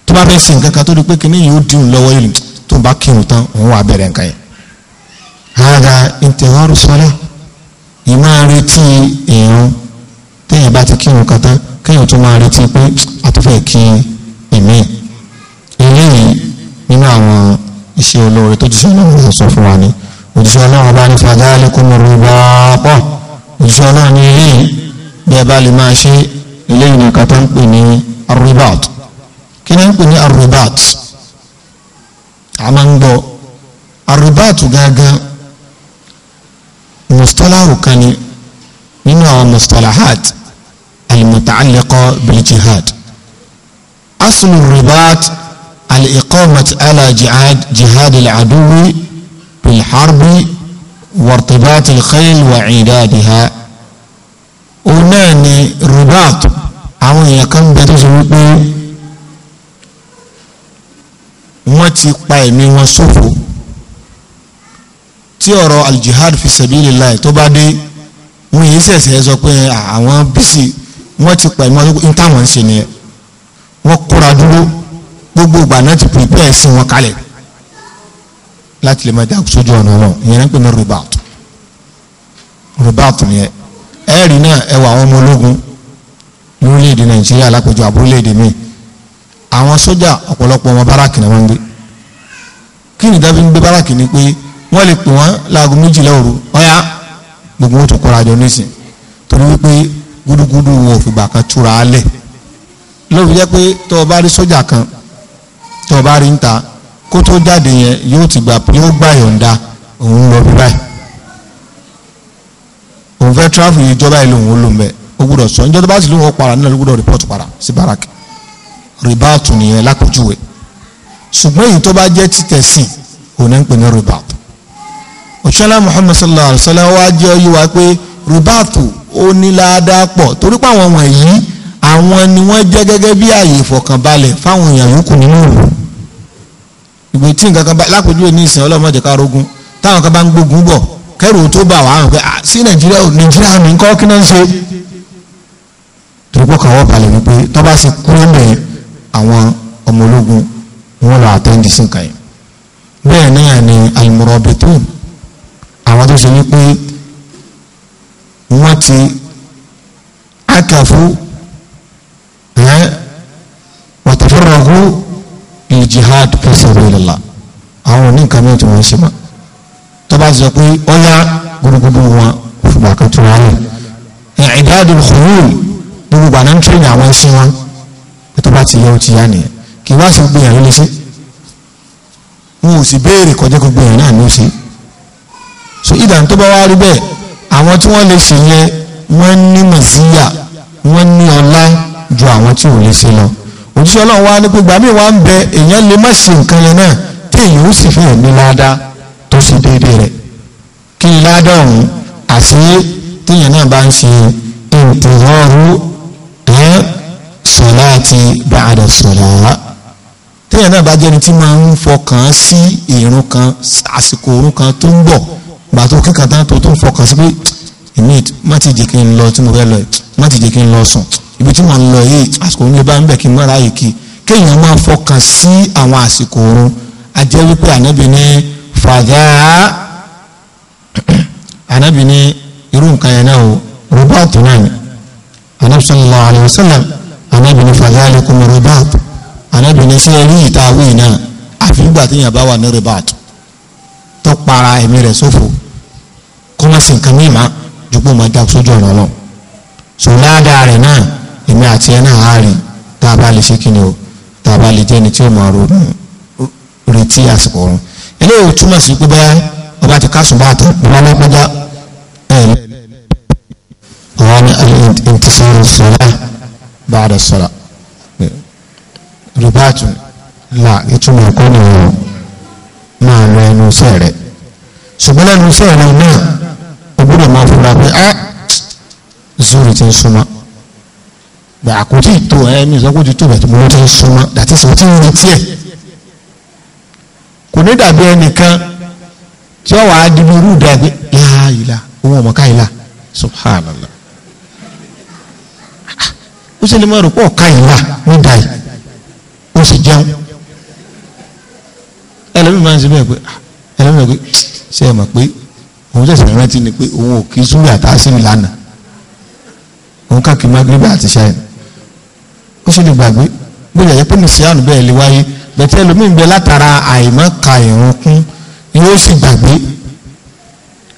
tó bá fẹ́ ṣe nǹkan kan tó di pé kíní yìí ó dìrùn lọ́wọ́ yìí tó bá kírun tán òun wà bẹ̀rẹ̀ nǹkan yẹn. ara ìtẹ̀wọ́rù sọlá ì máa retí ìrun téèyàn bá ti kírun kan tán kéèyàn tó máa retí pé àtúfẹ́ kí ìmí eléyìí nínú àwọn iṣẹ́ olóore tó ti sọ́nà ọ̀rọ̀ sọ fún wa ni òjíṣẹ́ ọlọ́run bá ní fàdáálì kó mo rò bá a pọ̀ òjíṣẹ́ ọlọ́run ní eléyìí bí ẹ bá lè máa ṣe eléyìí nìkan tó ń pè ní arribat kí ni ń pè ní arribat a máa ń gbọ́ arribat gángan mustalahu kan ni nínú àwọn mustalahat al-muta'alliqa bil arribat al ala jihad al-aduwi. بالحرب وارتباط alkhayl wa cidaadiha رباط náà ni ribaat àwọn èèyàn kan bẹ tó ṣe wípé wọ́n ti pa ẹ̀mí wọn ṣòfò tí ọ̀rọ̀ aljihad fi sabilillah tó bá dé wọ́n yìí ṣẹ̀ṣẹ̀ sọ pé àwọn bísí wọ́n ti pa ẹ̀mí wọn ṣòfò ní táwọn ṣe nìyẹn wọ́n kóra dúró gbogbo ìgbà náà ti pèpè ẹ̀sìn wọn kalẹ̀ láti lè máa dá sójú ọ̀nà náà ìyẹn náà pè rubat rubat yẹn ẹ̀rí náà ẹwà àwọn ọmọ ológun lórílẹ̀‐èdè nàìjíríà alápèjọ àbúrúlẹ̀‐èdè míì àwọn sójà ọ̀pọ̀lọpọ̀ wọn báràkì náà wọ́n ń gbé kí ni dábí ń gbé báràkì ni pé wọ́n lè pè wọ́n láago méjìlá òru ọ̀yá gbogbo wọn tó kọ́ra jọ nísìn torí wípé gúdúgúdú wọn ò fìgbà kan túra á lẹ̀ kó tó jáde yẹn yóò ti gbà pé ó gbà yọ̀ǹda òun lọ bí báyìí òun fẹ́ tíráfù yìí ìjọba ìlú òun lò ń ó gbúdọ̀ sọ níjọ́ tó bá sì lóun para nílẹ̀ ló gbúdọ̀ rìpọ́tù para sí barak rìbáàtù nìyẹn lákòjúwe ṣùgbọ́n èyí tó bá jẹ́ títẹ̀sìn òun ń pè ní rìbáàtù òṣèlú Muhammad sallallahu alayhi wa sallam wá jẹ́ oyè wa pé rìbáàtù ó ní ládàá pọ̀ torí pé àwọn wọ̀nyí àwọn ni wọ́n jẹ́ gẹ́gẹ́ bí ààyè ìfọ̀kànbalẹ̀ fáwọn èèyàn yòókù nínú òun ìgbè tí nǹkan kan bá lápòjú ẹ̀ ní ìsìn ọlọ́mọdé ká rógun táwọn kan bá ń gbógun bọ̀ kẹ́rù tó bá wà á hàn pé ah, sí nàìjíríà ò nàìjíríà mi kọ́ kí náà ń ṣe. torípọ̀ kàwọ́ balẹ̀ wípé tó bá ṣe kú ẹ̀ àwọn ọmọ ológun ni wọ́n lọ àtẹ́ǹdì sí nǹkan yẹn. bẹ́ẹ̀ náà ni almurabitun àwọn tó ṣe wípé wọ́n ti ákàfú ẹ̀ wọ́n ti fẹ́ràn lè jihad fi sabilillah àwọn oníkan mi tí wọ́n ṣe mọ́ tó bá sọ pé ọ̀yá gbogbogbò wọn fúgbà kan tó wáyé ìdáàdì ìkòwò gbogbo àná ń tẹ̀lé àwọn ẹṣin wọn pé tó bá ti yẹ ó yá nìyẹn kì í wá sí gbìyànjú ló ṣe wọn ò sì béèrè kọjá gbogbo yẹn náà ló ṣe so ìdá tó bá wá rí bẹ́ẹ̀ àwọn tí wọ́n lè ṣe yẹn wọ́n ní màsíyà wọ́n ní ọlá ju àwọn tí ò lè ṣe lọ òjíṣẹ́ ọlọ́run wa ní gbogbo àmì wa ń bẹ èèyàn lè má ṣe nǹkan yẹn náà tí èèyàn ó sì fi hàn ní ládàá tó ṣe déédéé rẹ̀ kí ni ládàá ọ̀hún àti tíyẹn náà bá ń ṣe ìtìrọ̀rù ẹ̀ sọ̀lá àti bàdà sọ̀lá tíyẹn náà bá jẹ́ni tí máa ń fọkàn sí ìrun kan àsìkò òrun kan tó ń bọ̀ gbàtó kíkan tó tó fọkàn sí pé ìmí má ti jẹ́ kí n lọ tí mo fẹ́ lọ má ti jẹ́ kí n lọ sùn ibi tí mo ń lọ yìí àsìkò oúnjẹ bá ń bẹ̀ kí n mọ́ra yìí kí kéèyàn máa fọkàn sí àwọn àsìkò oorun ajẹ́ wípé ànábì ní fàdá [clears throat] ànábì ní irú nǹkan yẹn náà o rúbáàtù náà ni ànábì sallallahu alaihi wasallam ànábì ní fàdá alaikum rúbáàtù ànábì ní sí ẹrí ìta awé náà àfi nígbà bá wà ní rúbáàtù tó para ẹ̀mí rẹ̀ sófo kọ́mọ̀sí nǹkan mímá máa dá sójú ọ̀nà náà sòlá rẹ̀ náà èmi àti ẹ náà á rí tá a bá lè ṣe kí ni o tá a bá lè jẹ́ni tí ó mọ̀ ọ́rọ́ retí àsìkò ọ̀run eléyìí ò túmọ̀ sí pé bẹ́ẹ̀ ọba ti ká ṣùgbọ́n àtọ̀ ọba lágbájá àwọn intisaru sọlá ba'da sọlá rìbáàtù là ìtumọ̀ ẹ̀kọ́ ni o máa lọ ẹnu iṣẹ́ rẹ̀ ṣùgbọ́n lẹ́nu iṣẹ́ rẹ̀ náà o máa fura pé ẹ́ ah, zoro ti ń súnmọ́ gbà kò tí ì tó ẹ mi sọ pé ó ti tó bẹ̀ tí mo ti ń súnmọ́ dàtí sọ tí ń retí ẹ̀ kò ní dàbí ẹnìkan tí ó wàá di irú dàbí yáa ìlà òun ọmọ ìlà subhanallah ó sì lè má rò pé ọ̀ka ìlà ní dàí ó sì jẹun ẹlẹ́mìí máa ń ṣe bẹ́ẹ̀ pé ah, ẹlẹ́mìí máa ń ṣe é mọ̀ pé òun ṣẹ̀ṣẹ̀ rántí ni pé òun ò kí súwì àtàsí mi lánàá òun kàkí magrebi àti ṣáínà ó sì lè gbàgbé bóyá yẹ pé nìṣíàánù bẹ́ẹ̀ lè wáyé bẹ̀tẹ́ ẹlòmíín bẹ látara àìmọ́ ka ìrun kún yóò sì gbàgbé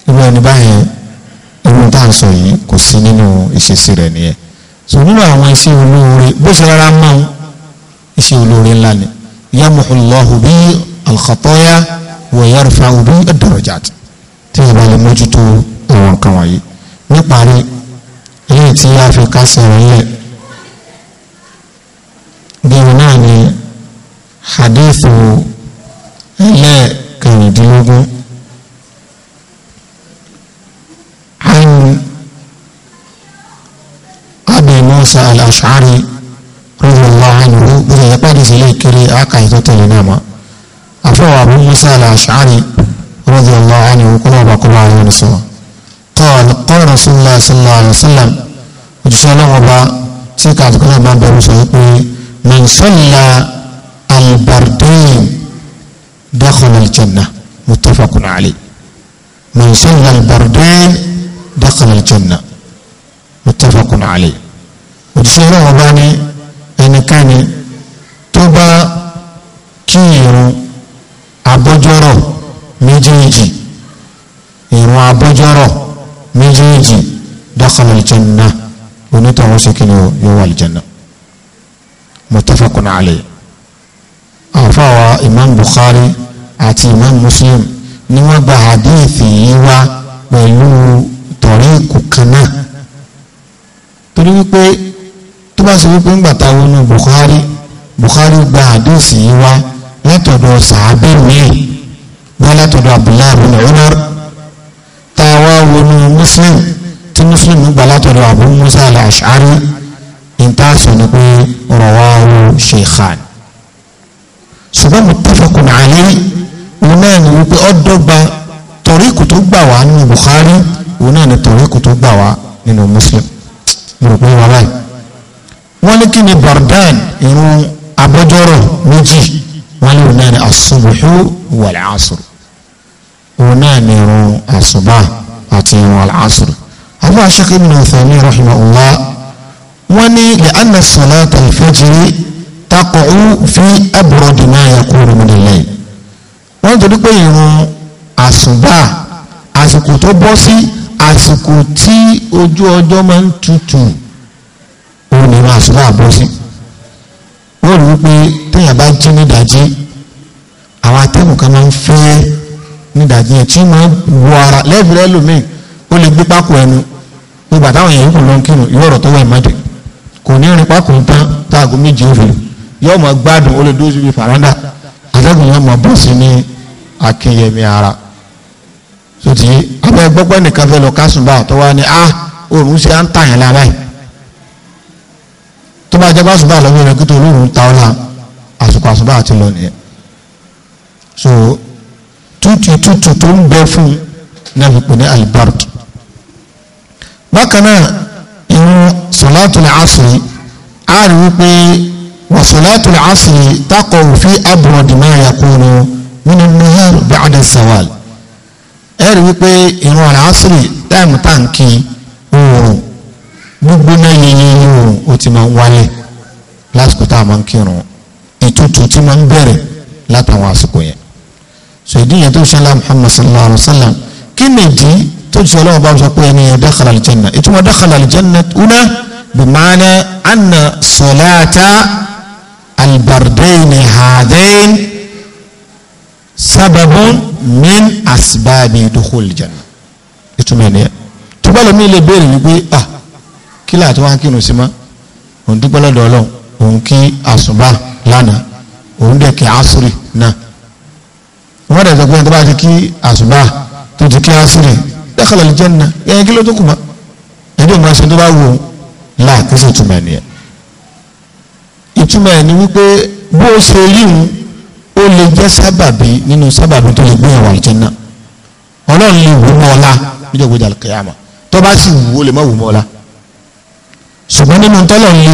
irú ẹni báyẹn irun tá à ń sọ yìí kò sí nínú ìṣesí rẹ̀ nìyẹn so nínú àwọn iṣẹ́ olóore bó ṣe rárá máa iṣẹ́ olóore ńlá ni yamuhu Allahu bi al-khataya wa yarfa'u bi ad-darajat tí yẹn bá lè mójútó àwọn nǹkan wọ̀nyí níparí eléyìí tí a fi kásẹ̀ rẹ̀ yẹ bí wọn náà ní hadithu ẹlẹ́ẹ̀kẹrìndínlógún an abi musa al-ash'ari radiyallahu anhu bóyá yẹ pàdé sí ilé kiri aka ètò tẹ̀lé náà ma àfọwọ́ abu musa al-ash'ari radiyallahu anhu kúrò ọba kúrò àwọn ọ̀nà sọ̀rọ̀ kọ́ọ̀lù kọ́ọ̀lù rasulullah sallallahu alayhi wa sallam òjíṣẹ́ ọlọ́wọ́ bá tí kàtúkọ́ náà bá bẹ̀rù sọ pé من صلى البردين دخل الجنة متفق عليه من صلى البردين دخل الجنة متفق عليه òjíṣẹ́ ọlọ́run bá ní ẹnikẹ́ni tó bá kí irun abọ́jọ́rọ̀ méjèèjì irun abọ́jọ́rọ̀ méjèèjì dakhala al-jannah onítọ̀hún ṣe kí ni yóò wà al-jannah muttafaqun alayhi àfàwà imam bukhari àti imam muslim ni wọ́n gba hadithi yìí wá pẹ̀lú tọ̀ríkù kan náà torí wípé tó bá sọ wípé ńgbà tá a wọnú bukhari bukhari gba hadithi yìí wá látọ̀dọ̀ sàábì míì wọ́n látọ̀dọ̀ abdullahi bin umar tá a wá wọnú muslim tí muslim gbà látọ̀dọ̀ abu musa al-ash'ari ìtaṣọ ni pé rọwáwó ṣèkàn ṣùgbọ́n muttafaqun alayhi òun náà ni wípé ọ̀dọ́gba tọ̀ríkù tó gbà wá nínú Bukhari òun náà ni tọ̀ríkù tó gbà wá nínú Muslim nínú pé wà báyìí wọ́n ní kí ni bardan irun abọ́jọ́rọ̀ méjì wọ́n ní òun náà ni asubuhu wal asr òun náà ni irun àṣùbà àti irun al Abu Shaykh Ibn Uthaymin rahimahullah wọ́n ní lẹ́ànà sọ̀láàtà ìfẹ́jìrí takọ̀ọ́ fi ẹ̀bùrọ̀dì máa yà kó omi nílẹ̀ wọ́n torí pé ìrun àsùbà àsìkò tó bọ́ sí àsìkò tí ojú ọjọ́ máa ń tutù òun ni bọ́ sí wọ́n rí pé téèyàn bá jí nídàjí àwọn atẹ́gùn kan máa ń fẹ́ nídàjí yẹn tí máa wọ ara lẹ́ẹ̀fì lómi ó lè gbé pákó ẹnu gbogbo àtàwọn èèyàn yìí kò lọ ìwọ́rọ̀ tó wà ìmájọ́ kò ní rìn pákó tán táàgó méje òfò yóò máa gbádùn ó lè dúró síbi fàrándà àtẹ́gùn yóò máa bọ́ sí ní akínyẹmí ara sotí abẹ́ gbọ́gbẹ́ nìkan fẹ́ lọ kásùn báà tó wá ní a ah, òòrùn ṣe à ń tàyàn lára yìí tó bá jẹ́ bá sùn báà lọ́wọ́ rẹ̀ kí olóòrùn ta ọ́ la àsùkò àsùnbà àti lọ nìyẹn so tútù tútù tó ń bẹ fún nàbìpọ̀ ní alibard bákan náà inú sọ̀látùl àṣírí a rí wípé wà sọ̀látùl àṣírí takọ̀ òfin abúrọ̀dì máa yà kó lọ nínú nuhur ba'da sawal ẹ rí wípé ìrun àṣírí táìmù táǹkì oòrùn gbogbo náà yẹyẹ oòrùn ó ti máa ń wálẹ̀ lásìkò tá a máa ń kírun ìtútù tí máa ń bẹ̀rẹ̀ látàwọn àsìkò yẹn sọ ìdí yẹn tó ṣẹlẹ̀ Muhammad sallallahu alayhi wa sallam kí nìdí tó ti sọ lọ́wọ́ bá sọ pé ẹni dakhala al-janna ìtumọ̀ dakhala al-janna una bimaana anna salata albardaini hadain sababun min asbabi dukhul al-janna ìtumọ̀ ẹni yẹn tó bá lọ mí lè béèrè wípé ah kí láti wá kírun sí ma òun dúpẹ́ lọ́dọ̀ ọlọ́run òun kí àsùnbà lánàá òun dẹ̀ kí àsùrì náà wọ́n dẹ̀ sọ pé ẹni tó bá ti kí àsùnbà tó ti kí àsùrì dakhala aljanna yẹn kí ló tó kù mọ́ ẹbí ìmọ̀ ẹsẹ̀ tó bá wù ú láà kí sì túmọ̀ ẹ̀ nìyẹn ìtumọ̀ ẹ̀ ni wípé bó o ṣe rí òun ó lè jẹ́ sábàbí nínú sábàbí tó lè gbé ìwà aljanna ọlọ́run lè wù mọ́ ọ̀la níjọ́ gbọ́dọ̀ alqiyama tó bá sì wù ó lè má wù mọ́ ọ̀la ṣùgbọ́n nínú tọ́lọ̀ lè wù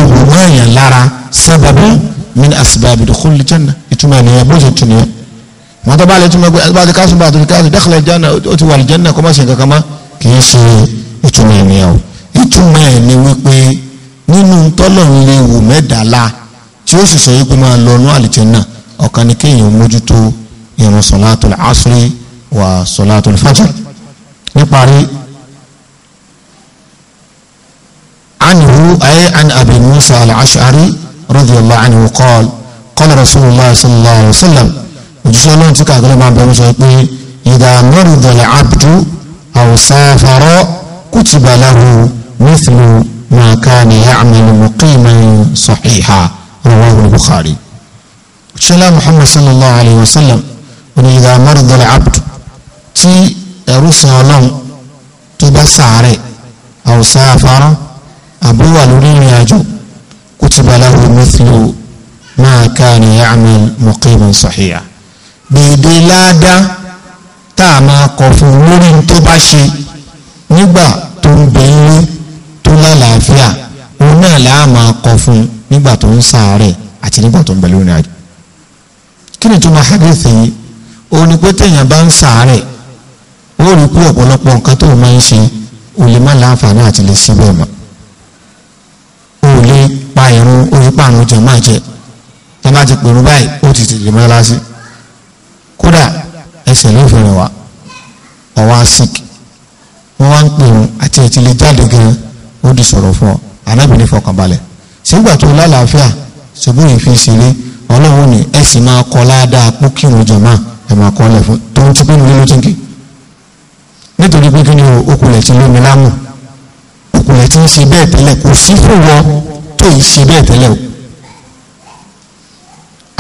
mọ́ wọn tó bá lè túmọ̀ pé bá ti kásùn bá ti kásùn dákàlẹ̀ jáná ó ti wà ní jáná kó má ṣe nǹkan kan mọ́ kì í ṣe ìtumọ̀ ènìyàn o ìtumọ̀ ẹ̀ ni wípé nínú tọ́lọ̀ ń lè wò mẹ́dàlá tí ó sì sọ yìí pé máa lọ inú àlìjẹ́nà ọ̀kan ni kéèyàn mójútó ìrun sọ̀látùl asri wà sọ̀látùl fajr níparí عنه أي عن أبي موسى العشعري رضي الله عنه قال قال رسول الله صلى الله عليه وسلم òjíṣẹ́ ọlọ́run tí kàkẹ́lẹ́ máa bẹ̀rù sọ pé ìdá mẹ́rìndọ̀lẹ̀ abdu àwòsáfàrọ́ kùtìbà lahu mithlu ma kana ya'malu muqiman sahiha rawahu bukhari. òjíṣẹ́ ọlọ́run muhammad sallallahu alayhi wa sallam òní ìdá mẹ́rìndọ̀lẹ̀ abdu tí ẹ̀rú sọ ọlọ́run tó bá sàárẹ̀ àwòsáfàrọ́ àbúwà lórí ìrìn àjò kùtìbà lahu mithlu ma kana ya'malu muqiman sahiha. dèédé láàdá tá a máa kọ̀ fún lórí tó bá ṣe nígbà tó ń bẹ ilé tó lálàáfíà òun náà là á máa kọ̀ fún nígbà tó ń ṣàárẹ̀ àti nígbà tó ń bẹ lórí àjò kí ni tó máa hadith yìí òun ni pé téèyàn bá ń ṣàárẹ̀ ó rí pé ọ̀pọ̀lọpọ̀ nǹkan tó máa ń ṣe ò lè má láǹfààní àti lè síbẹ̀ mọ́ ò lè pa ìrun orí pààrùn jẹ̀ máa jẹ ẹ ti pèrún báyìí ó ti ti lè mọ́ lásìkò kódà ẹsẹ̀ ló fẹ́ràn wa ọwọ́ sick wọ́n wá ń pè wọn àti ètí lè jáde gan ó di sọ̀rọ̀ fún ọ arábìnrin fọkànbalẹ̀ sígbà tó lálàáfíà ṣùgbọ́n èyí fi ṣeré ọlọ́run ni ẹ sì máa kọ́ ládàá pọ́ kírun jọ̀mọ́ ẹ máa kọ́ lẹ̀ fún tó ń ti pínu nínú nítorí pé kí ni okùnlẹ̀ ti lómi lámù okùnlẹ̀ ti ń ṣe bẹ́ẹ̀ tẹ́lẹ̀ kò sí fún wọn tó ń ṣe bẹ́ẹ̀ tẹ́lẹ̀ o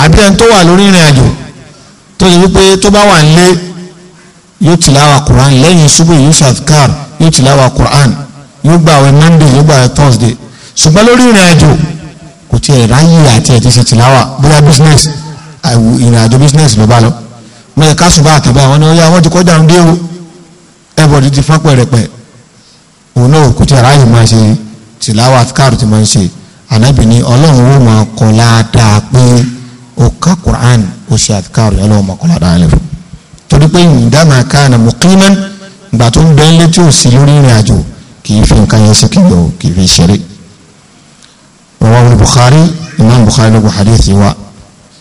àbí ẹni tó wà lórí ìrìn àjò tó yẹ wípé tó bá wà nílé yóò tìláwà Quran lẹ́yìn ṣubú yóò ṣàfikàr yóò tìláwà Quran yóò gba àwẹ̀ Monday yóò gba àwẹ̀ Thursday ṣùgbọ́n lórí ìrìn àjò kò tiẹ̀ ráyè àti ẹ̀ ti ṣe tìláwà bóyá business ìrìn àjò business ló bá lọ mẹ́ẹ̀ káṣù bá àtàbí àwọn ọ̀nà ọ̀yà wọ́n ti kọjá ń dé o ẹ̀bọ̀dì ti fọ́n pẹ̀rẹ̀pẹ̀ òun náà kò tiẹ̀ ráyè máa ṣe tìláwà àfikàr ti máa ṣe ànábì ọlọ́run ó máa kọ́ ládàá pé ó ka Qur'an ó ṣe àtikáàrò yẹn lọ́wọ́ mọ̀kànlá dáhàlẹ́ fún torí pé ìdámà kana muqiman gbà tó ń bẹ́ẹ̀ létí ò sí lórí ìrìn àjò kì í fi nǹkan yẹn sí kílò kì í fi ṣeré. rawahu Bukhari Imam Bukhari ló bu hadith wa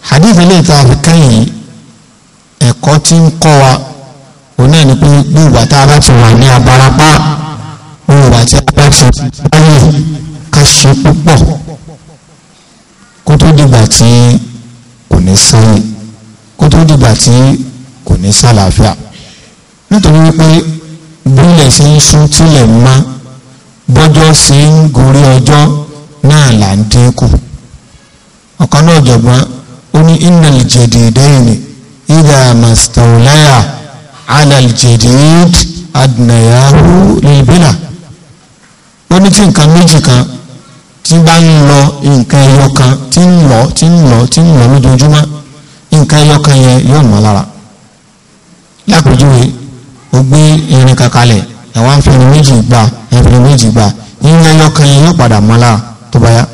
hadith ilé ìta àfikán yìí ẹ̀kọ́ tí ń kọ́ wa òun náà ni pé gbogbo àtà bá ti wà ní abarapá gbogbo àti apá ti báyìí ká ṣe púpọ̀ kó dìgbà tí sẹ́yìn kó tó dìgbà tí kò ní sàlàáfíà nítorí wípé bílẹ̀ ṣe ń sún tílẹ̀ má bọ́jọ́ sí ń gorí ọjọ́ náà là ń dínkù ọ̀kan náà jọ̀gbọ́n ó ní innal jadidayni idha mastawlaya ala al-jadid adnayahu lil-bila ó ní tí nǹkan méjì kan tí bá ń lọ nǹkan ẹyọ kan tí ń lọ tí ń lọ tí ń lọ lójoojúmọ́ nǹkan ẹyọ kan yẹn yóò mọ́ lára lápèjúwe o gbé irin kankalẹ̀ ẹ̀ wá méjì gbà ẹ̀ méjì gbà irin ẹyọ kan yẹn yóò padà mọ́ lára tó bá yá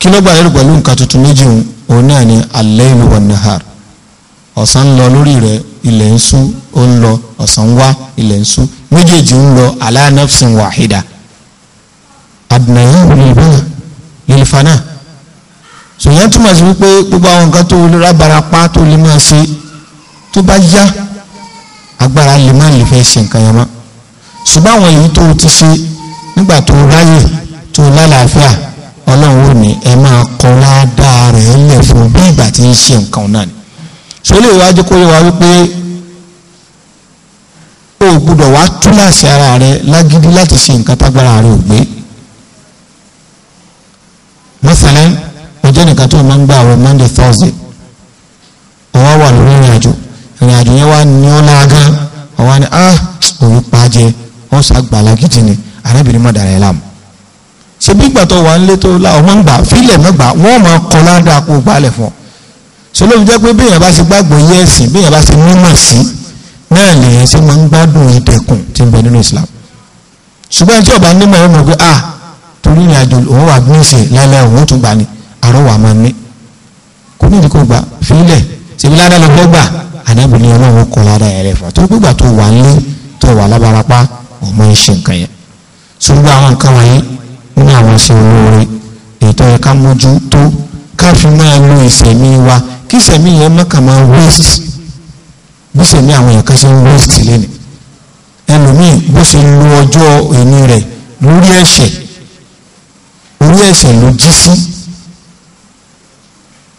kí ló gbà lérò pẹ̀lú nǹkan tuntun méjì òun òun náà ni al-laylu wan-nahar ọ̀sán ń lọ lórí rẹ̀ ilẹ̀ ń sú ó ń lọ ọ̀sán wá ilẹ̀ ń sú méjèèjì ń lọ ala nafsin àdìnàyìn ìbínà ìlìfànà sòyẹn túmọ̀ sí wípé gbogbo àwọn nǹkan tó lábara pa tó lè máa ṣe tó bá yá agbára lè má lè fẹ́ ṣe nǹkan yẹn mọ́ ṣùgbọ́n àwọn èyí tó ti ṣe nígbà tó ráyè tó lálàáfíà ọlọ́run ò ní ẹ máa kọ́ ládàá rẹ̀ lẹ̀ fún bí ìgbà tí ń ṣe nǹkan náà ni sólè ìwádìí kó yẹ wá wípé o gbúdọ̀ wá túláàsì ara rẹ lágídí láti ṣe nǹkan tágbára rẹ ò gbé mọ́sálẹ́ ọjọ́ nìkan tó máa ń gbà wọ monday thursday ọwọ́ wà lórí ìrìn àjò yẹn wá ní ọ́ lára gan ọwọ́ ni ah òun pa á jẹ wọ́n ṣàgbàlá gidi ni arábìnrin mọ̀dà rẹ̀ làm ṣe bí gbàtọ̀ wà ń létò la ọmọ ń gbà fílẹ̀ mẹ́gbà wọ́n máa kọ́ ládàá kó gbalẹ̀ fún ọ sọlọ́run jẹ́ pé bẹ́ẹ̀ bá ṣe gbàgbọ́ yẹ ẹ̀sìn bẹ́ẹ̀ bá ṣe mímọ̀ sí náà lèyẹn ṣe máa ń gbádùn ìdẹ̀kùn tí ń bẹ nínú Islam ṣùgbọ́n ẹjọ́ ọba nímọ̀ ẹ̀ mọ̀ ah torí ìrìn àjò òun wà bí ìsìn láìláì òun tún gbà ní àrọ́wà máa ní kò ní ìdíkò gbà fílẹ̀ ṣèbí ládàá lọ gbọ́ gbà ànábì ní ọlọ́run kọ ládàá yẹn lẹ́fà tó gbígbà tó wà nílé tó wà lábarapá ọmọ ìṣe nǹkan yẹn ṣùgbọ́n àwọn nǹkan wọ̀nyí nínú àwọn ṣe olóore ètò ẹ̀ka mójú tó ká máa lo ìṣẹ̀mí wa kí ìṣẹ̀mí yẹn mọ́kà máa waste bí ìṣẹ̀mí àwọn èèyàn ṣe ń waste lẹ́nu ẹlòmíì bó ṣe lo ọjọ́ ìní rẹ̀ lórí ẹ̀ṣẹ̀ orí ẹ̀ṣẹ̀ ló jí sí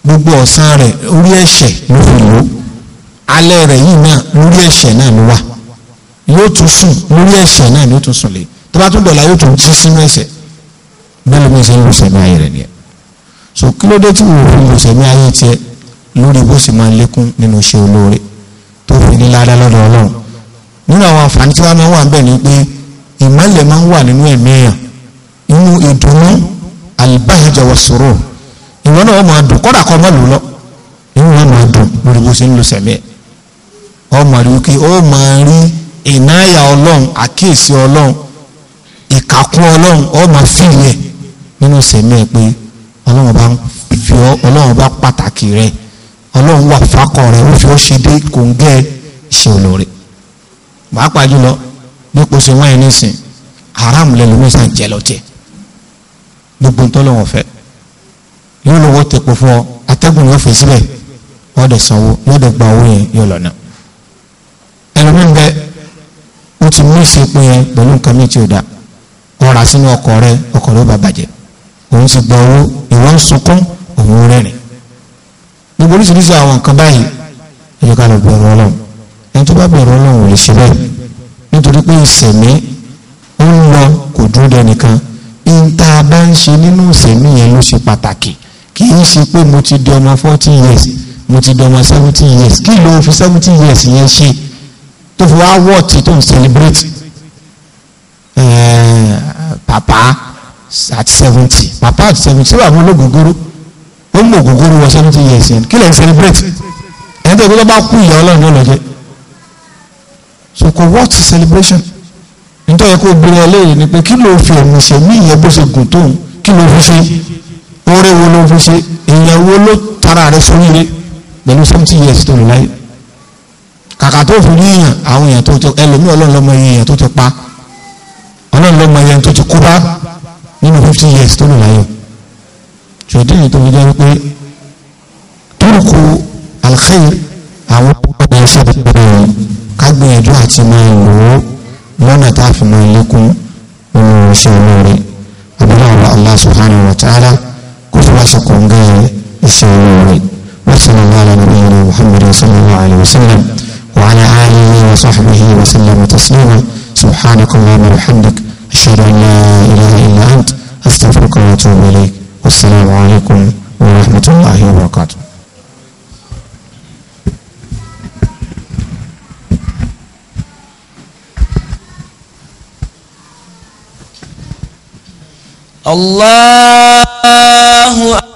gbogbo ọ̀sán rẹ̀ orí ẹ̀ṣẹ̀ ló fi lò alẹ́ rẹ̀ yìí náà lórí ẹ̀ṣẹ̀ náà ló wà yóò tún sùn lórí ẹ̀ṣẹ̀ náà ló tún sùn lé tó bá tún dọ̀la yóò tún jí sínú ẹ̀ṣẹ̀ bẹ́ẹ̀ ló ń ṣe ń sẹ̀mí ayé rẹ̀ nìyẹn so kí ló dé tí wò ó ń sẹ̀mí ayé tiẹ̀ lórí bó sì máa ń lékún nínú iṣẹ́ olóore tó fi ní ládá lọ́dọ̀ ọlọ́run nínú àwọn àǹfààní tí wọ́n máa ń wà ń bẹ̀ ni pé ìmọ̀lẹ̀ máa ń wà nínú ẹ̀mí èèyàn nínú ìdùnnú àlùbáyájà wọ sòrò ìwọ náà wọ́n máa dùn kọ́dà kọ́ máa lò lọ inú wọn máa dùn lórí bó ṣe ń lo sẹ̀mí ẹ̀ wọ́n máa rí wípé ó máa rí ìnáyà ọlọ́run àkíyèsí ọlọ́run ìkàkùn ọlọ́run ó máa fi ìyẹn nínú sẹ̀mí ẹ̀ pé ọlọ́run bá fi ọ ọlọ́run bá pàtàkì rẹ ọlọ́run wà fákọ̀ rẹ ó fi ó ṣe dé kòńgẹ́ ṣe olóore pàápàá jùlọ bí kò ṣe wáyé nísìn haram lẹ́nu mi sàn jẹ́ lọ́jẹ́ gbogbo ntọ́lọ́wọ̀n fẹ́ yóò lọ́wọ́ tẹ̀pọ̀ fún ọ atẹ́gùn yóò fẹ́ síbẹ̀ wọ́n dẹ̀ sanwó wọ́n dẹ̀ gba owó yẹn yóò lọ́nà ẹlòmíín bẹ ó ti mú ìsìnkú yẹn pẹ̀lú nǹkan mi tí ò da ọ̀rà sínú ọkọ̀ rẹ ọkọ̀ rẹ ó bá bàjẹ́ òun ti gba owó ìwọ ń sunkún òun rẹ́rìn gbogbo oríṣiríṣi àwọn nǹkan báyìí ẹ̀yọ́ lọ bẹ̀rù ọlọ́run ẹni tó bá bẹ̀rù ọlọ́run ò lè ṣe bẹ́ẹ̀ nítorí pé ìsẹ̀mí ń lọ kò dúró dẹnìkan ìta bá ń ṣe nínú ìsẹ̀mí yẹn ló ṣe pàtàkì kì í ṣe pé mo ti di ọmọ fourteen years mo ti di ọmọ seventeen years kí ló fi seventeen years yẹn ṣe tó fi wá wọ́ọ̀tì tó ń celebrate eh, papa at seventy papa at seventy ṣé wà fún ológógóró ó mú ògógóró wọ seventy years yẹn kí lè ń celebrate ẹni tó gbọ́dọ̀ bá kú ìyá ọlọ́run lọ́jọ́ so kò wọ́ọ̀tì celebration nítorí yẹ kó gbìyànjú léèrè ni pé kí ló fi ẹ̀mí ìṣẹ̀mí ìyẹn bó ṣe gùn tóun kí ló fi ṣe oore wo ló fi ṣe èèyàn wo ló tara rẹ̀ sóríire pẹ̀lú seventy years tó lò láyé kàkà tó fi rí èèyàn àwọn èèyàn tó ti ẹlòmí ọlọ́run lọ́mọ èèyàn tó ti pa ọlọ́run lọ́mọ iye tó ti kú bá nínú fifty years tó lò láyé ṣòdí yìí tó fi jẹ́ pé tóòkù alkhair àwọn ọmọ ọmọ ẹ̀ṣọ́ bẹ̀rẹ̀ ká àti máa lò ó. lọ́nà tá a fi máa lékún nínú iṣẹ́ olóore àbúrò àwọn Allah subhanahu wa ta'ala kó fi wá sọkò ń gẹ́yẹ iṣẹ́ olóore wa sallallahu ala nabiyyina muhammadin sallallahu alayhi wa sallam wa ala alihi wa sahbihi wa sallam taslima subhanaka allahumma wa bihamdik ashhadu an la ilaha illa ant astaghfiruka wa atubu ilayk wassalamu alaykum wa rahmatullahi wa barakatuh الله